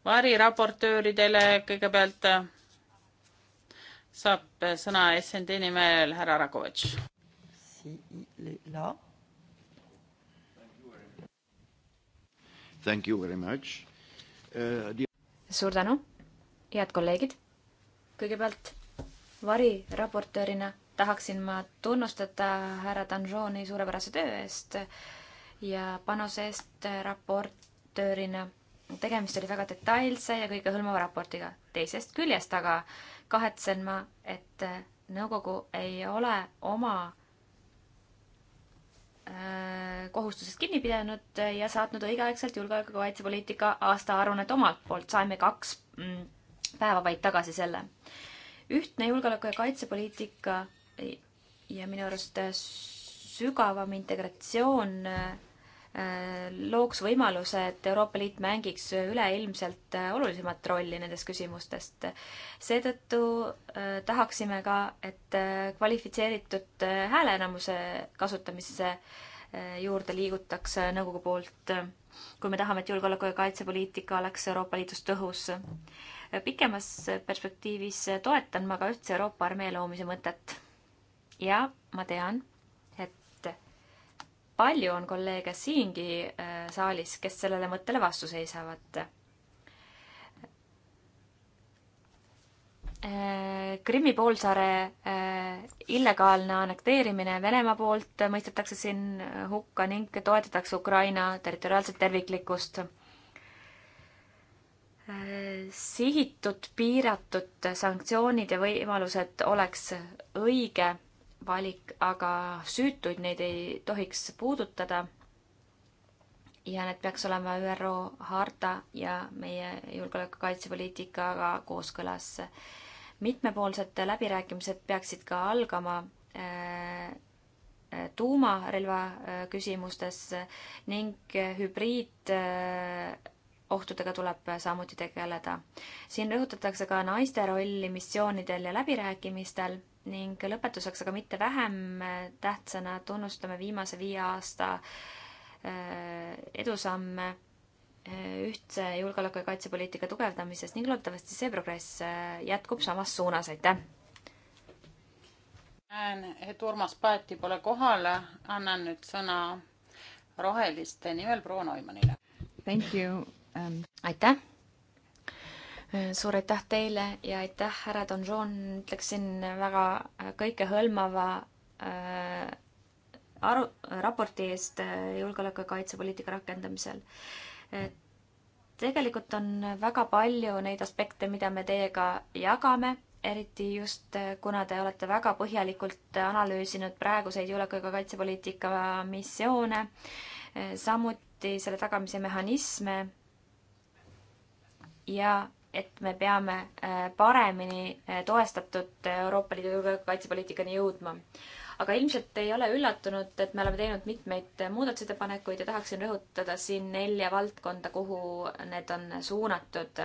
variraportööridele, kõigepealt eh, saab sõna SND nimel härra Rakovitš. Thank you very much uh,. The... suur tänu, head kolleegid. kõigepealt variraportöörina tahaksin ma tunnustada härra Danjoni suurepärase töö eest ja panuse eest raportöörina. tegemist oli väga detailse ja kõigehõlmava raportiga. teisest küljest aga kahetsen ma, et nõukogu ei ole oma Äh, kohustusest kinni pidanud ja saatnud õigeaegselt julgeoleku kaitsepoliitika aastaaruannet omalt poolt, saime kaks mm, päeva vaid tagasi selle. ühtne julgeoleku- ja kaitsepoliitika ja minu arust sügavam integratsioon äh, looks võimaluse, et Euroopa Liit mängiks üleilmselt äh, olulisemat rolli nendest küsimustest. seetõttu äh, tahaksime ka, et äh, kvalifitseeritud hääleenamuse kasutamise juurde liigutakse nõukogu poolt, kui me tahame, et julgeoleku- ja kaitsepoliitika oleks Euroopa Liidus tõhus. pikemas perspektiivis toetan ma ka ühtse Euroopa armee loomise mõtet. ja ma tean palju on kolleege siingi äh, saalis, kes sellele mõttele vastu seisavad. Äh, Krimmi poolsaare äh, illegaalne annekteerimine Venemaa poolt mõistetakse siin hukka ning toetatakse Ukraina territoriaalset terviklikkust sihitud, piiratud sanktsioonid ja võimalused oleks õige valik, aga süütuid neid ei tohiks puudutada. ja need peaks olema ÜRO harta ja meie julgeoleku kaitsepoliitikaga kooskõlas. mitmepoolsed läbirääkimised peaksid ka algama äh, tuumarelva äh, küsimustes ning hübriid äh, ohtudega tuleb samuti tegeleda. siin rõhutatakse ka naiste rolli missioonidel ja läbirääkimistel ning lõpetuseks, aga mitte vähem tähtsana, tunnustame viimase viie aasta äh, edusamme äh, ühtse julgeoleku ja kaitsepoliitika tugevdamises ning loodetavasti see progress äh, jätkub samas suunas, aitäh! näen, et Urmas Paeti pole kohal, annan nüüd sõna roheliste nimel proua Neumannile. Thank you Ähm, aitäh! Äh, suur aitäh teile ja aitäh, härra Donjon, ütleksin väga äh, kõikehõlmava äh, aru, raporti eest äh, julgeoleku ja kaitsepoliitika rakendamisel. tegelikult on väga palju neid aspekte, mida me teiega jagame, eriti just kuna te olete väga põhjalikult analüüsinud praeguseid julgeoleku ja kaitsepoliitika missioone, samuti selle tagamise mehhanisme ja et me peame äh, paremini äh, toestatud Euroopa Liidu julgeolekukaitsepoliitikani jõudma. aga ilmselt ei ole üllatunud, et me oleme teinud mitmeid muudatusettepanekuid ja tahaksin rõhutada siin nelja valdkonda, kuhu need on suunatud.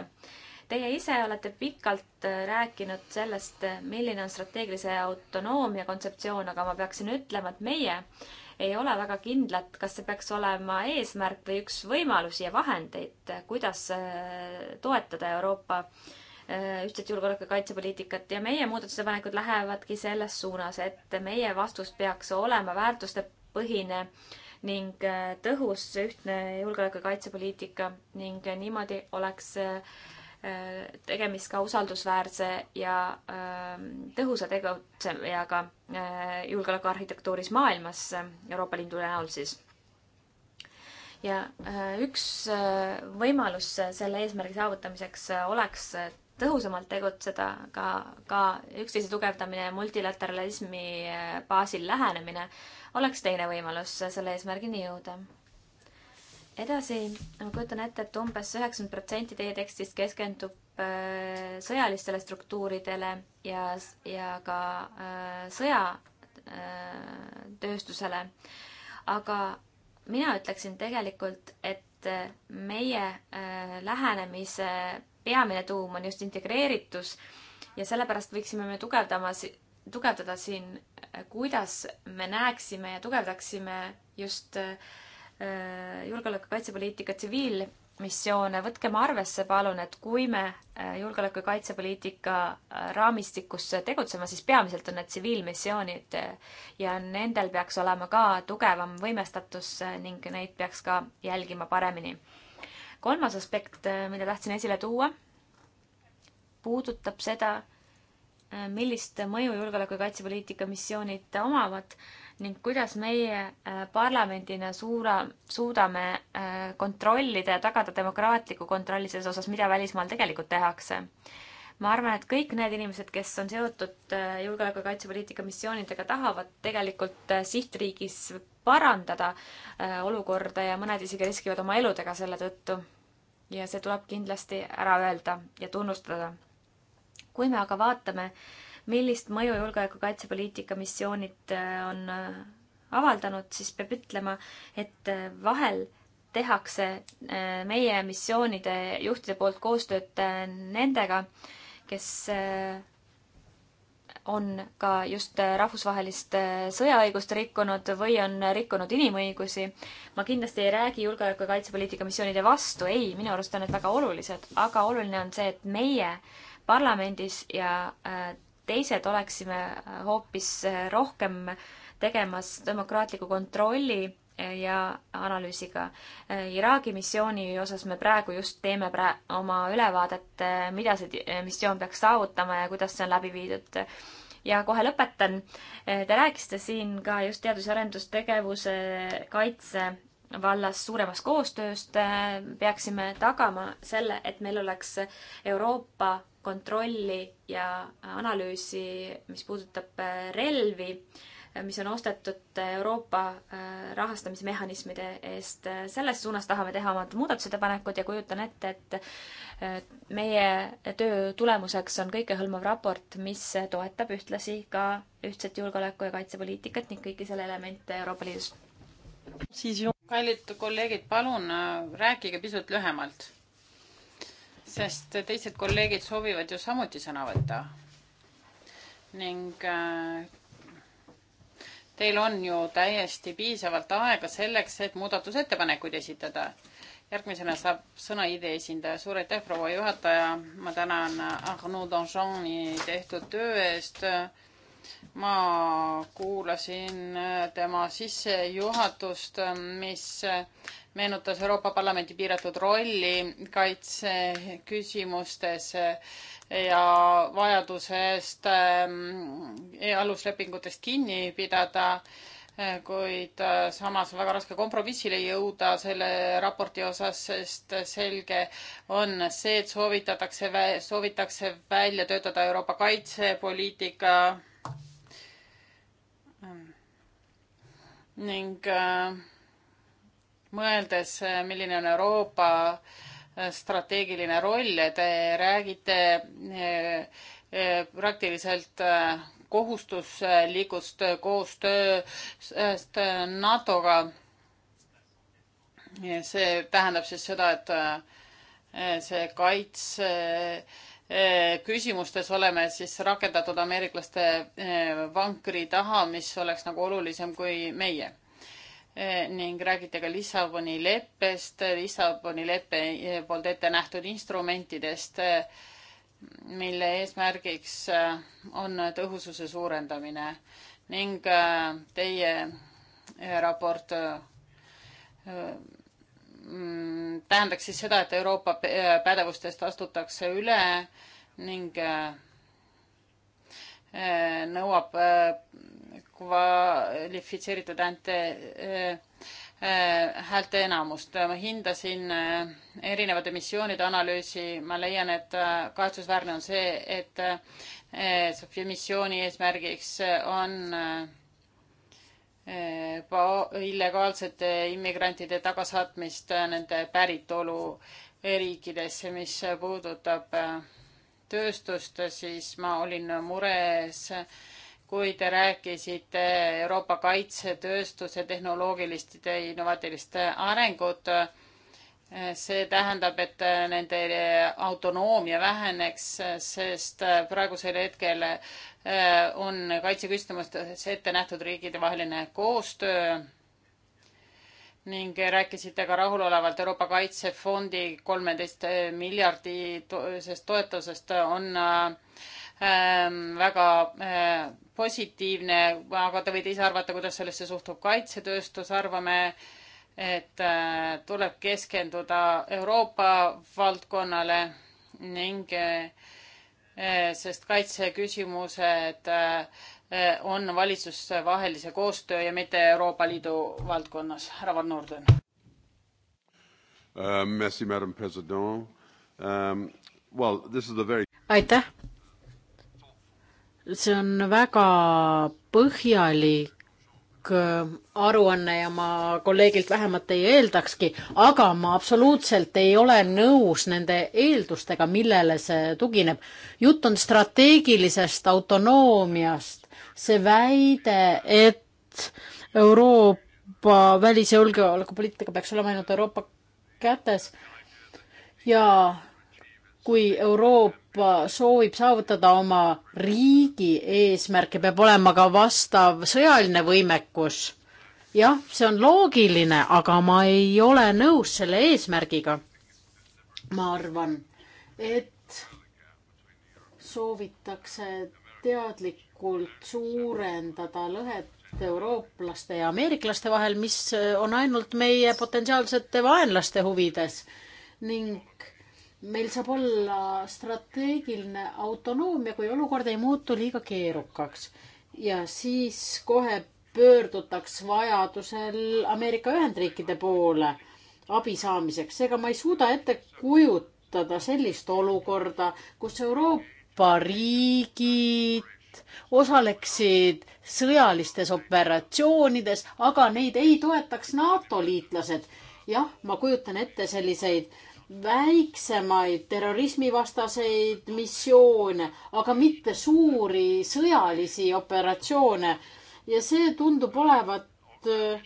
Teie ise olete pikalt äh, rääkinud sellest, milline on strateegilise autonoomia kontseptsioon, aga ma peaksin ütlema, et meie äh, ei ole väga kindlad, kas see peaks olema eesmärk või üks võimalusi ja vahendeid, kuidas äh, toetada Euroopa äh, ühtset julgeoleku- ja kaitsepoliitikat ja meie muudatusettepanekud lähevadki selles suunas, et meie vastus peaks olema väärtustepõhine ning äh, tõhus ühtne julgeoleku- ja kaitsepoliitika ning niimoodi oleks tegemist ka usaldusväärse ja ähm, tõhusa tegutsejaga äh, julgeolekuarhitektuuris maailmas äh, Euroopa Liidu näol siis. ja äh, üks võimalus selle eesmärgi saavutamiseks oleks tõhusamalt tegutseda, ka, ka üksteise tugevdamine ja multilateralismi baasil lähenemine oleks teine võimalus selle eesmärgini jõuda edasi, ma kujutan ette, et umbes üheksakümmend protsenti teie tekstist keskendub äh, sõjalistele struktuuridele ja, ja ka äh, sõjatööstusele. Äh, aga mina ütleksin tegelikult, et meie lähenemise peamine tuum on just integreeritus ja sellepärast võiksime me tugevdama, tugevdada siin, kuidas me näeksime ja tugevdaksime just äh, Äh, julgeoleku- ja kaitsepoliitika tsiviilmissioone, võtkem arvesse palun, et kui me äh, julgeoleku- ja kaitsepoliitika äh, raamistikus tegutseme, siis peamiselt on need tsiviilmissioonid ja nendel peaks olema ka tugevam võimestatus ning neid peaks ka jälgima paremini. kolmas aspekt, mida tahtsin esile tuua, puudutab seda, millist mõju julgeoleku- ja kaitsepoliitika missioonid omavad ning kuidas meie äh, parlamendina suura, suudame äh, kontrollida ja tagada demokraatliku kontrolli selles osas, mida välismaal tegelikult tehakse. ma arvan, et kõik need inimesed, kes on seotud äh, julgeoleku ja kaitsepoliitika missioonidega, tahavad tegelikult sihtriigis parandada olukorda ja mõned isegi riskivad oma eludega selle tõttu. ja see tuleb kindlasti ära öelda ja tunnustada. kui me aga vaatame äh, millist mõju julgeoleku kaitsepoliitika missioonid äh, on äh, avaldanud, siis peab ütlema, et äh, vahel tehakse meie missioonide juhtide poolt koostööd nendega, kes on ka just rahvusvahelist sõjaõigust rikkunud või on rikkunud inimõigusi. ma kindlasti ei räägi julgeoleku ja kaitsepoliitika missioonide vastu, ei, minu arust on need väga olulised, aga oluline on see, et meie parlamendis ja teised oleksime äh, hoopis äh, rohkem tegemas demokraatliku kontrolli äh, ja analüüsiga. Iraagi missiooni osas me praegu just teeme pra-, oma ülevaadet, mida see missioon peaks saavutama ja kuidas see on läbi viidud. ja kohe lõpetan. Te rääkisite siin ka just teadus- ja arendustegevuse kaitse vallas suuremast koostööst peaksime tagama selle, et meil oleks Euroopa kontrolli ja äh, analüüsi, mis puudutab äh, relvi, äh, mis on ostetud Euroopa rahastamismehhanismide eest. selles suunas tahame teha omad muudatusettepanekud ja kujutan ette, et meie töö tulemuseks on kõikehõlmav raport, mis toetab ühtlasi ka ühtset julgeoleku- ja kaitsepoliitikat ning kõiki selle elemente Euroopa Liidus. kallid kolleegid, palun rääkige pisut lühemalt sest teised kolleegid soovivad ju samuti sõna võtta. ning äh, teil on ju täiesti piisavalt aega selleks, et muudatusettepanekuid esitada. järgmisena saab sõna ID esindaja. suur aitäh, proua juhataja. ma tänan Arnaud Danjani tehtud töö eest. ma kuulasin äh, tema sissejuhatust, mis äh, meenutas Euroopa Parlamendi piiratud rolli kaitseküsimustes eh, ja vajadusest ehm, eh, aluslepingutest kinni pidada, eh, kuid samas on väga raske kompromissile jõuda selle raporti osas, sest selge on see, et soovitatakse, soovitakse välja töötada Euroopa kaitsepoliitika ehm, ning äh, mõeldes, milline on Euroopa äh, strateegiline roll, te räägite äh, äh, praktiliselt kohustuslikust koostööst NATO-ga. see tähendab siis seda, et see kaitse küsimustes oleme siis rakendatud ameeriklaste vankri taha, mis oleks nagu olulisem kui meie Eh, ning räägite ka Lissaboni leppest, Lissaboni leppe eh, poolt ette nähtud instrumentidest, eh, mille eesmärgiks on tõhususe suurendamine ning teie raport mm, tähendaks siis seda, et Euroopa pädevustest astutakse üle ning nõuab äh, kvalifitseeritud häälte äh, äh, häälte enamust. ma hindasin erinevate missioonide analüüsi, ma leian, et kahetsusväärne on see, et Sofia missiooni eesmärgiks on illegaalsete immigrantide tagasaatmist nende päritoluriikidesse, mis puudutab tööstust, siis ma olin mures, kui te rääkisite Euroopa kaitsetööstuse tehnoloogilist ja innovaatilist arengut. see tähendab, et nende autonoomia väheneks, sest praegusel hetkel on kaitseküsimustes ette nähtud riikidevaheline koostöö ning rääkisite ka rahulolevalt Euroopa Kaitsefondi kolmeteist eh, miljardi sest toetusest on ehm, väga eh, positiivne, aga te võite ise arvata, kuidas sellesse suhtub kaitsetööstus, arvame, et eh, tuleb keskenduda Euroopa valdkonnale ning sest kaitseküsimused äh, Eh, on valitsusvahelise koostöö ja mitte Euroopa Liidu valdkonnas. härra Van Orden uh,. Merci, madam president um,. Well, this is a very aitäh! see on väga põhjalik uh, aruanne ja ma kolleegilt vähemalt ei eeldakski, aga ma absoluutselt ei ole nõus nende eeldustega, millele see tugineb. jutt on strateegilisest autonoomiast see väide, et Euroopa välis- ja julgeolekupoliitika peaks olema ainult Euroopa kätes ja kui Euroopa soovib saavutada oma riigi eesmärke, peab olema ka vastav sõjaline võimekus. jah, see on loogiline, aga ma ei ole nõus selle eesmärgiga. ma arvan, et soovitakse teadlikult suurendada lõhet eurooplaste ja ameeriklaste vahel, mis äh, on ainult meie potentsiaalsete vaenlaste huvides ning meil saab olla strateegiline autonoomia, kui olukord ei muutu liiga keerukaks. ja siis kohe pöördutaks vajadusel Ameerika Ühendriikide poole abi saamiseks, seega ma ei suuda ette kujutada sellist olukorda, kus Euroopa riigid osaleksid sõjalistes operatsioonides, aga neid ei toetaks NATO liitlased. jah, ma kujutan ette selliseid väiksemaid terrorismivastaseid missioone, aga mitte suuri sõjalisi operatsioone. ja see tundub olevat äh,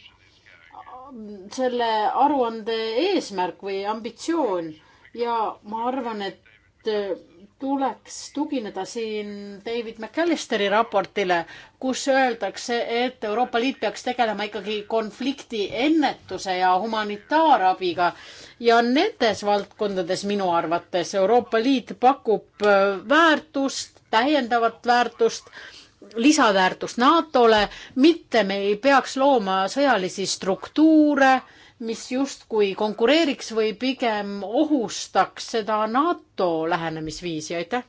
selle aruande eesmärk või ambitsioon ja ma arvan, et äh, tuleks tugineda siin David McAllisteri raportile, kus öeldakse, et Euroopa Liit peaks tegelema ikkagi konflikti ennetuse ja humanitaarabiga ja nendes valdkondades minu arvates Euroopa Liit pakub äh, väärtust, täiendavat väärtust, lisaväärtust NATO-le, mitte me ei peaks looma sõjalisi struktuure mis justkui konkureeriks või pigem ohustaks seda NATO lähenemisviisi, aitäh.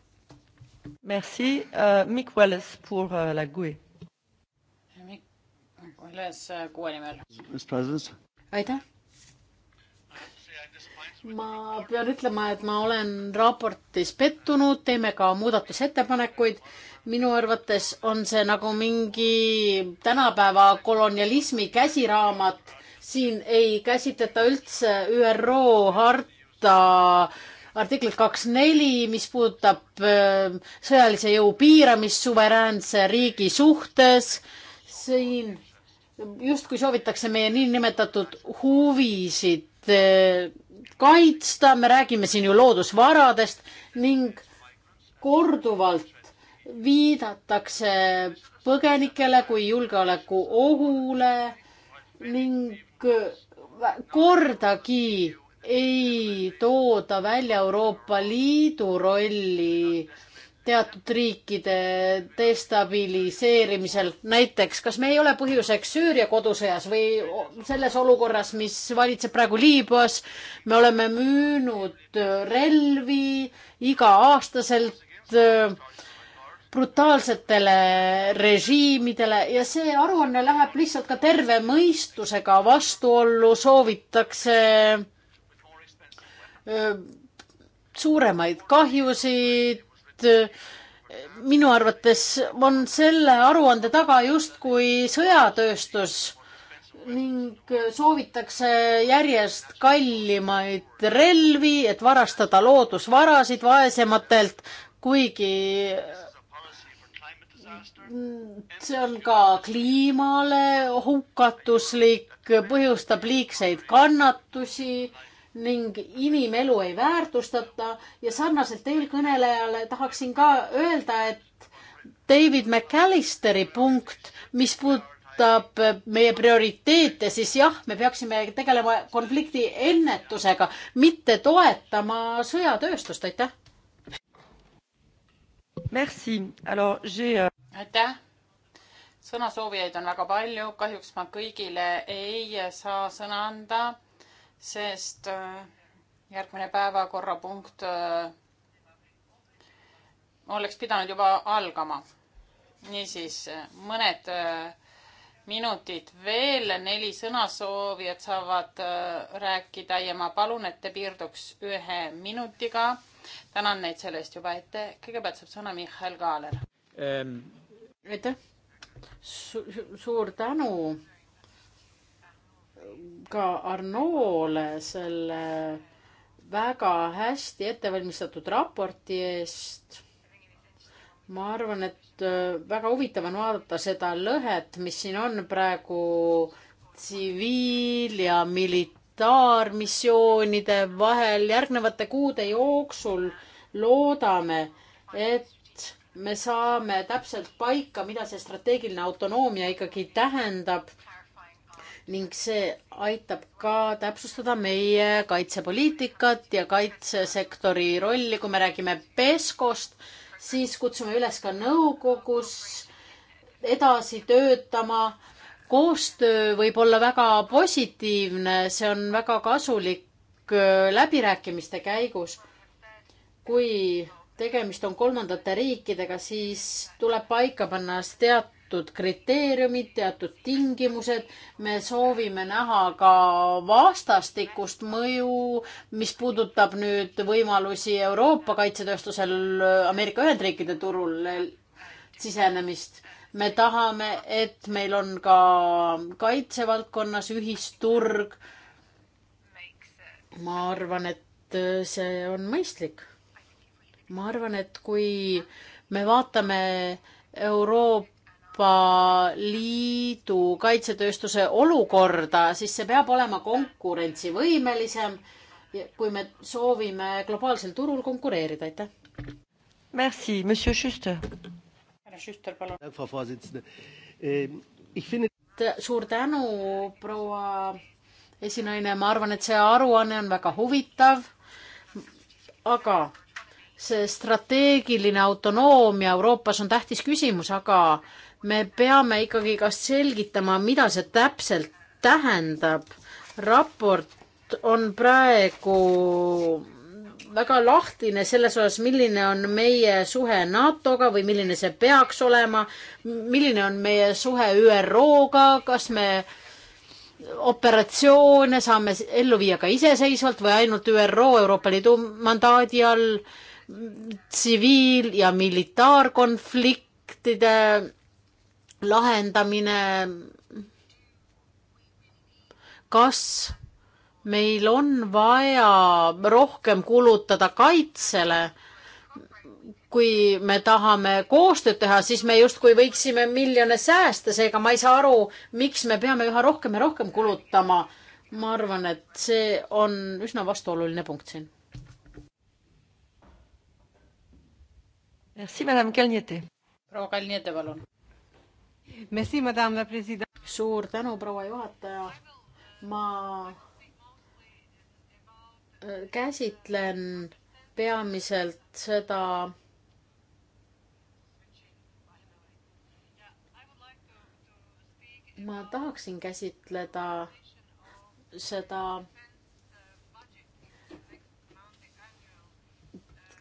Merci uh,, Mikk Welles pour uh, la GUE. Mikk Welles euh, GUE nimel. aitäh. ma pean ütlema, et ma olen raportis pettunud, teeme ka muudatusettepanekuid minu arvates on see nagu mingi tänapäeva kolonialismi käsiraamat siin ei käsitleta üldse ÜRO harta artiklit kaks neli, mis puudutab äh, sõjalise jõu piiramist suveräänse riigi suhtes. siin justkui soovitakse meie niinimetatud huvisid äh, kaitsta, me räägime siin ju loodusvaradest ning korduvalt viidatakse põgenikele kui julgeolekuohule ning kordagi ei tooda välja Euroopa Liidu rolli teatud riikide destabiliseerimisel, näiteks kas me ei ole põhjuseks Süüria kodusõjas või selles olukorras, mis valitseb praegu Liibüas, me oleme müünud relvi iga-aastaselt äh, brutaalsetele režiimidele ja see aruanne läheb lihtsalt ka terve mõistusega vastuollu, soovitakse suuremaid kahjusid. minu arvates on selle aruande taga justkui sõjatööstus ning soovitakse järjest kallimaid relvi, et varastada loodusvarasid vaesematelt, kuigi see on ka kliimale hukatuslik, põhjustab liigseid kannatusi ning inimelu ei väärtustata ja sarnaselt eelkõnelejale tahaksin ka öelda, et David McAllisteri punkt, mis puudutab meie prioriteete, siis jah, me peaksime tegelema konflikti ennetusega, mitte toetama sõjatööstust, aitäh. Merci. Alors, j'ai... Euh, aitäh. sõnasoovijaid on väga palju, kahjuks ma kõigile ei saa sõna anda, sest äh, järgmine päevakorrapunkt äh, oleks pidanud juba algama. niisiis äh, mõned minutid veel, neli sõnasoovijat saavad rääkida ja ma palun, et te piirduks ühe minutiga. tänan neid selle eest juba ette. kõigepealt saab sõna Mihhail Kaaler ähm aitäh Su, suur tänu ka Arnoole selle väga hästi ettevalmistatud raporti eest. ma arvan, et äh, väga huvitav on vaadata seda lõhet, mis siin on praegu tsiviil ja militaarmissioonide vahel järgnevate kuude jooksul. loodame, et me saame täpselt paika, mida see strateegiline autonoomia ikkagi tähendab ning see aitab ka täpsustada meie kaitsepoliitikat ja kaitsesektori rolli, kui me räägime PESCO-st, siis kutsume üles ka nõukogus edasi töötama. koostöö võib olla väga positiivne, see on väga kasulik äh, läbirääkimiste käigus. kui tegemist on kolmandate riikidega, siis tuleb paika panna teatud kriteeriumid, teatud tingimused. me soovime näha ka vastastikust mõju, mis puudutab nüüd võimalusi Euroopa kaitsetööstusel Ameerika Ühendriikide turule sisenemist. me tahame, et meil on ka kaitsevaldkonnas ühisturg. ma arvan, et see on mõistlik ma arvan, et kui me vaatame Euroopa Liidu kaitsetööstuse olukorda, siis see peab olema konkurentsivõimelisem, kui me soovime globaalsel turul konkureerida, aitäh. Merci, monsieur Schuster. härra Schuster, palun. Ähm, suur tänu, proua esinaine, ma arvan, et see aruanne on väga huvitav, aga see strateegiline autonoomia Euroopas on tähtis küsimus, aga me peame ikkagi ka selgitama, mida see täpselt tähendab. raport on praegu väga lahtine selles osas, milline on meie suhe NATO-ga või milline see peaks olema, milline on meie suhe ÜRO-ga, kas me operatsioone saame ellu viia ka iseseisvalt või ainult ÜRO Euroopa Liidu mandaadi all tsiviil- ja militaarkonfliktide lahendamine. kas meil on vaja rohkem kulutada kaitsele? kui me tahame koostööd teha, siis me justkui võiksime miljone säästa, seega ma ei saa aru, miks me peame üha rohkem ja rohkem kulutama. ma arvan, et see on üsna vastuoluline punkt siin Merci, madame Kalniete. proua Kalniete, palun. Merci, madame la president. suur tänu, proua juhataja. ma äh, käsitlen peamiselt seda ma tahaksin käsitleda seda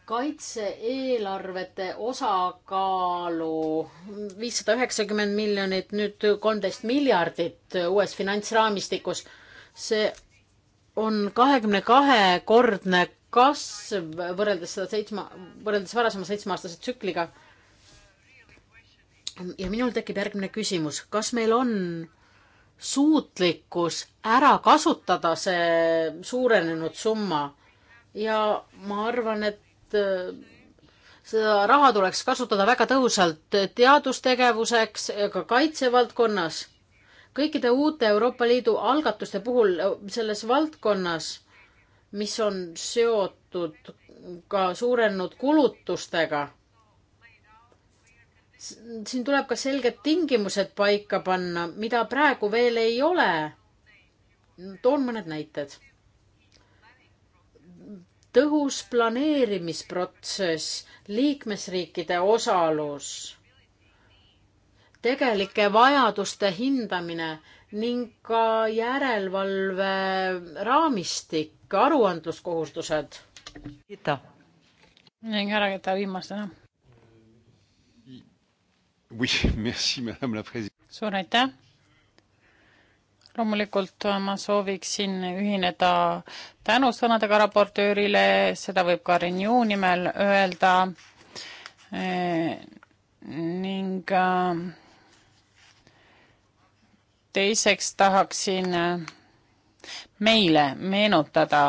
kaitse-eelarvete osakaalu viissada üheksakümmend miljonit, nüüd kolmteist miljardit uues finantsraamistikus. see on kahekümne kahekordne kasv võrreldes seda seitsme, võrreldes varasema seitsmeaastase tsükliga. ja minul tekib järgmine küsimus, kas meil on suutlikkus ära kasutada see suurenenud summa? ja ma arvan, et Äh, seda raha tuleks kasutada väga tõhusalt teadustegevuseks ka kaitsevaldkonnas. kõikide uute Euroopa Liidu algatuste puhul selles valdkonnas, mis on seotud ka suurenenud kulutustega, siin tuleb ka selged tingimused paika panna, mida praegu veel ei ole. toon mõned näited tõhus planeerimisprotsess, liikmesriikide osalus, tegelike vajaduste hindamine ning ka järelevalve raamistik, aruandluskohustused. ning härra Keta viimasena. suur aitäh loomulikult äh, ma sooviksin ühineda tänusõnadega raportöörile, seda võib ka Renew nimel öelda eh, ning eh, teiseks tahaksin meile meenutada,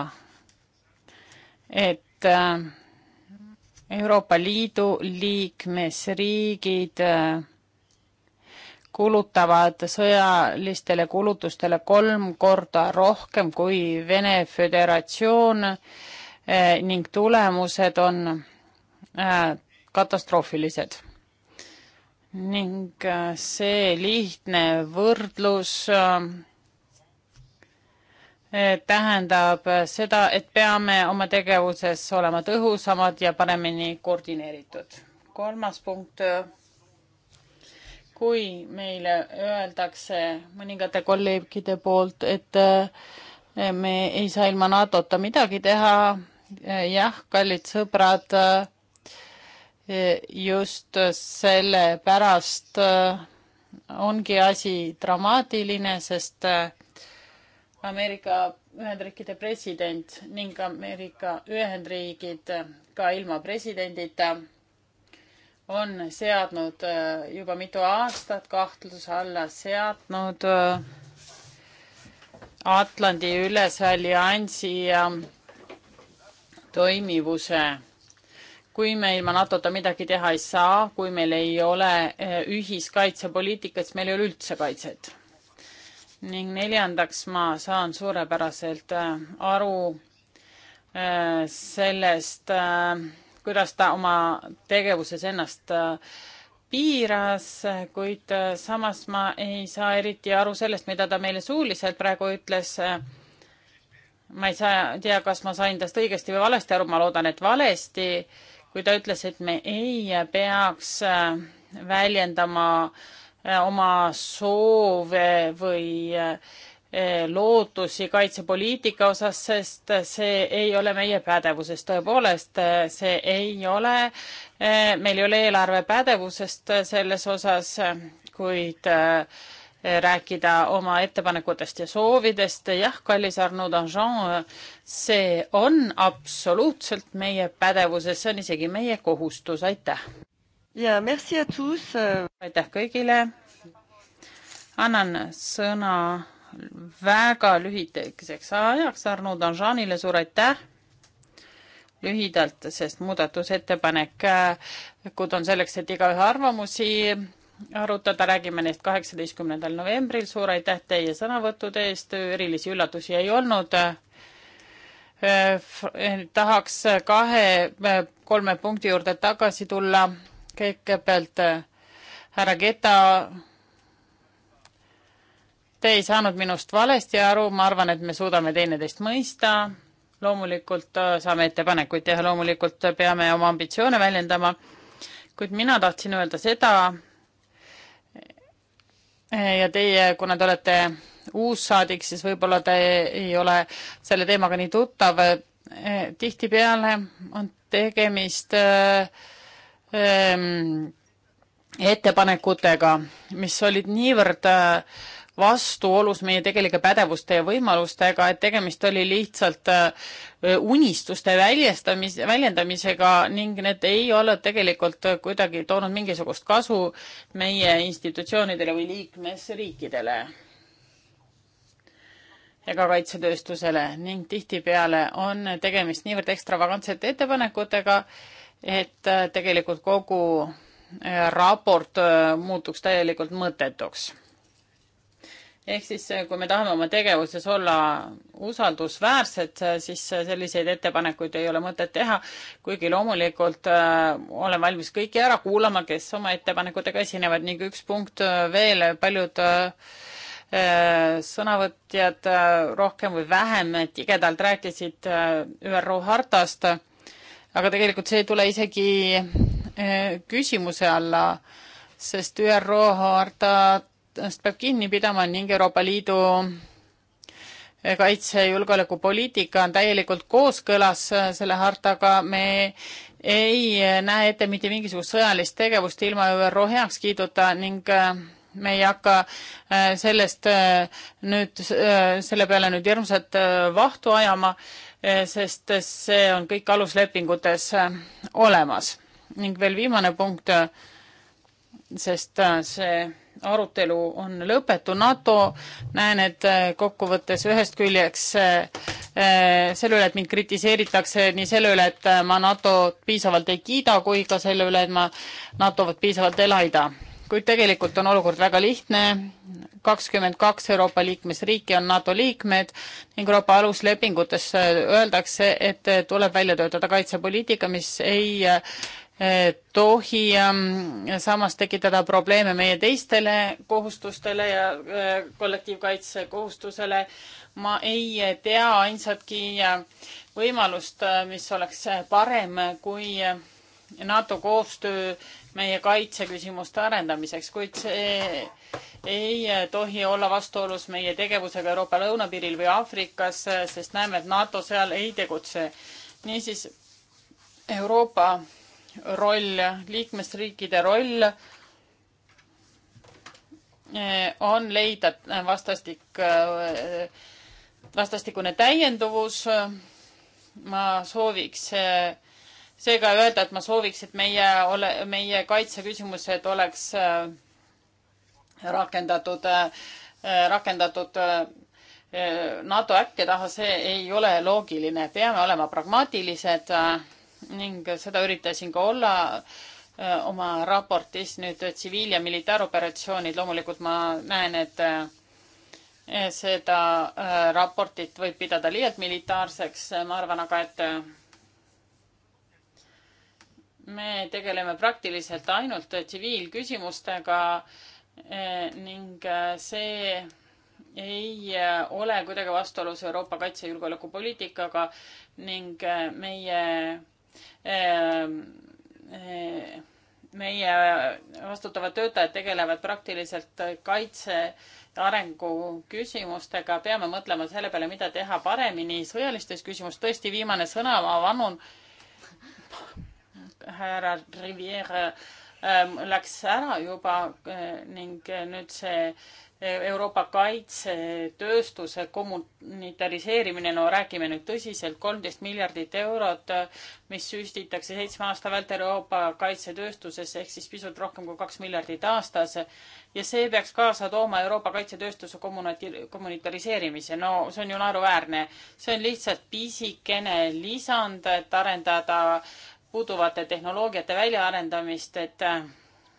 et Euroopa Liidu liikmesriigid äh, kulutavad sõjalistele kulutustele kolm korda rohkem kui Vene Föderatsioon eh, ning tulemused on eh, katastroofilised. ning eh, see lihtne võrdlus tähendab seda, et peame oma tegevuses olema tõhusamad ja paremini koordineeritud. kolmas punkt kui meile öeldakse mõningate kolleegide poolt, et eh, me ei saa ilma NATO-ta midagi teha, eh, jah, kallid sõbrad, eh, just sellepärast ongi asi dramaatiline, sest Ameerika Ühendriikide president ning Ameerika Ühendriigid ka ilma presidendita on seadnud äh, juba mitu aastat kahtluse alla seadnud äh, Atlandi ülese alliansi toimivuse. kui me ilma NATO-ta midagi teha ei saa, kui meil ei ole äh, ühiskaitsepoliitikat, siis meil ei ole üldse kaitset. ning neljandaks ma saan suurepäraselt aru sellest äh, kuidas ta oma tegevuses ennast äh, piiras, kuid äh, samas ma ei saa eriti aru sellest, mida ta meile suuliselt praegu ütles. Äh, ma ei saa, tea, kas ma sain tast õigesti või valesti aru, ma loodan, et valesti, kui ta ütles, et me ei peaks väljendama oma soove või Eh, lootusi kaitsepoliitika osas, sest see ei ole meie pädevuses, tõepoolest, eh, see ei ole, eh, meil ei ole eelarve pädevusest selles osas, kuid rääkida oma ettepanekutest ja soovidest, jah, kallis Arnaud Danjean, see on absoluutselt meie pädevuses, see on isegi meie kohustus, aitäh! ja merci à tous! aitäh kõigile! annan sõna väga lühikeseks ajaks Arno Danžanile suur aitäh lühidalt, sest muudatusettepanekud äh, on selleks, et igaühe arvamusi arutada, räägime neist kaheksateistkümnendal novembril, suur aitäh teie sõnavõttude eest, erilisi üllatusi ei olnud. Äh, tahaks kahe-kolme äh, punkti juurde tagasi tulla, kõigepealt härra Geta Te ei saanud minust valesti aru, ma arvan, et me suudame teineteist mõista. loomulikult äh, saame ettepanekuid teha, loomulikult peame oma ambitsioone väljendama, kuid mina tahtsin öelda seda, eh, ja teie, kuna te olete uus saadik, siis võib-olla te ei ole selle teemaga nii tuttav. Eh, tihtipeale on tegemist eh, ettepanekutega, mis olid niivõrd vastuolus meie tegelike pädevuste ja võimalustega, et tegemist oli lihtsalt äh, unistuste väljastamis, väljendamisega ning need ei ole tegelikult kuidagi toonud mingisugust kasu meie institutsioonidele või liikmesriikidele ega kaitsetööstusele ning tihtipeale on tegemist niivõrd ekstravagantsete ettepanekutega, et äh, tegelikult kogu äh, raport muutuks täielikult mõttetuks ehk siis eh, kui me tahame oma tegevuses olla usaldusväärsed, eh, siis eh, selliseid ettepanekuid ei ole mõtet teha, kuigi loomulikult äh, olen valmis kõiki ära kuulama, kes oma ettepanekutega esinevad ning üks punkt veel, paljud äh, sõnavõtjad äh, rohkem või vähem tigedalt rääkisid ÜRO hartast, aga tegelikult see ei tule isegi küsimuse alla sest ÜRO harta sellest peab kinni pidama ning Euroopa Liidu kaitse- ja julgeolekupoliitika on täielikult kooskõlas selle hartaga, me ei näe ette mitte mingisugust sõjalist tegevust ilma ÜRO heakskiiduta ning äh, me ei hakka äh, sellest äh, nüüd, selle peale nüüd hirmsat vahtu ajama, sest see on kõik aluslepingutes olemas. ning veel viimane punkt, sest see arutelu on lõpetu. NATO näen, et äh, kokkuvõttes ühest küljeks äh, äh, selle üle, et mind kritiseeritakse nii selle üle, et ma NATO-t piisavalt ei kiida, kui ka selle üle, et ma NATO-t piisavalt ei laida. kuid tegelikult on olukord väga lihtne. kakskümmend kaks Euroopa liikmesriiki on NATO liikmed ning Euroopa aluslepingutes öeldakse, et tuleb välja töötada kaitsepoliitika, mis ei Eh, tohi ähm, samas tekitada probleeme meie teistele kohustustele ja äh, kollektiivkaitse kohustusele. ma ei tea ainsatki äh, võimalust, äh, mis oleks parem kui NATO koostöö meie kaitseküsimuste arendamiseks, kuid see ei tohi olla vastuolus meie tegevusega Euroopa lõunapiiril või Aafrikas, sest näeme, et NATO seal ei tegutse. niisiis Euroopa roll, liikmesriikide roll eh, on leida vastastik, eh, vastastikune täienduvus. ma sooviks eh, seega öelda, et ma sooviks, et meie ole, meie kaitseküsimused oleks rakendatud, rakendatud NATO äkke taha, see ei ole loogiline, peame olema pragmaatilised ning seda üritasin ka olla äh, oma raportis nüüd äh, tsiviil- ja militaaroperatsioonid, loomulikult ma näen, et äh, seda raportit võib pidada liialt militaarseks, ma arvan aga, et me tegeleme praktiliselt ainult tsiviilküsimustega ning see ei ole kuidagi vastuolus Euroopa kaitse- ja julgeolekupoliitikaga ning meie Ehm, eh, meie vastutavad töötajad tegelevad praktiliselt kaitse ja arengu küsimustega, peame mõtlema selle peale, mida teha paremini sõjalistes küsimustes. tõesti, viimane sõna, ma vannun, härra Riviere ehm, läks ära juba eh, ning eh, nüüd see Euroopa kaitsetööstuse kommunitariseerimine, no räägime nüüd tõsiselt, kolmteist miljardit eurot, mis süstitakse seitsme aasta vältel Euroopa kaitsetööstusesse ehk siis pisut rohkem kui kaks miljardit aastas. ja see peaks kaasa tooma Euroopa kaitsetööstuse kommunati-, kommunitariseerimise, no see on ju naeruväärne. see on lihtsalt pisikene lisand, et arendada puuduvate tehnoloogiate väljaarendamist, et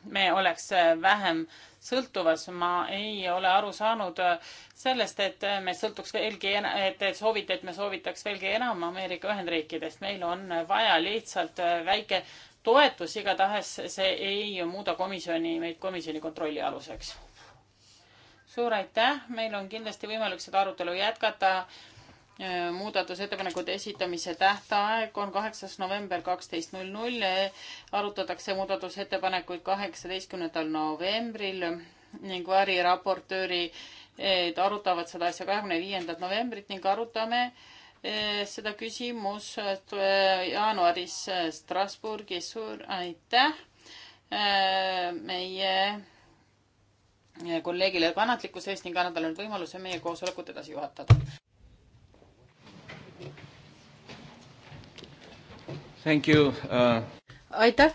me oleks vähem äh, sõltuvas. ma ei ole aru saanud äh, sellest, et äh, me sõltuks veelgi, et te soovite, et me soovitaks veelgi enam Ameerika Ühendriikidest. meil on vaja lihtsalt äh, väike toetus, igatahes see ei muuda komisjoni, meid komisjoni kontrolli aluseks. suur aitäh, meil on kindlasti võimalik seda arutelu jätkata Äh, muudatusettepanekute esitamise tähtaeg on kaheksas november kaksteist null null. arutatakse muudatusettepanekuid kaheksateistkümnendal novembril ning variraportööri arutavad seda asja kahekümne viiendat novembrit ning arutame äh, seda küsimust äh, jaanuaris Strasbourgis. suur aitäh meie kolleegile kannatlikkuse eest ning annan talle nüüd võimaluse meie koosolekut edasi juhatada. Uh, aitäh!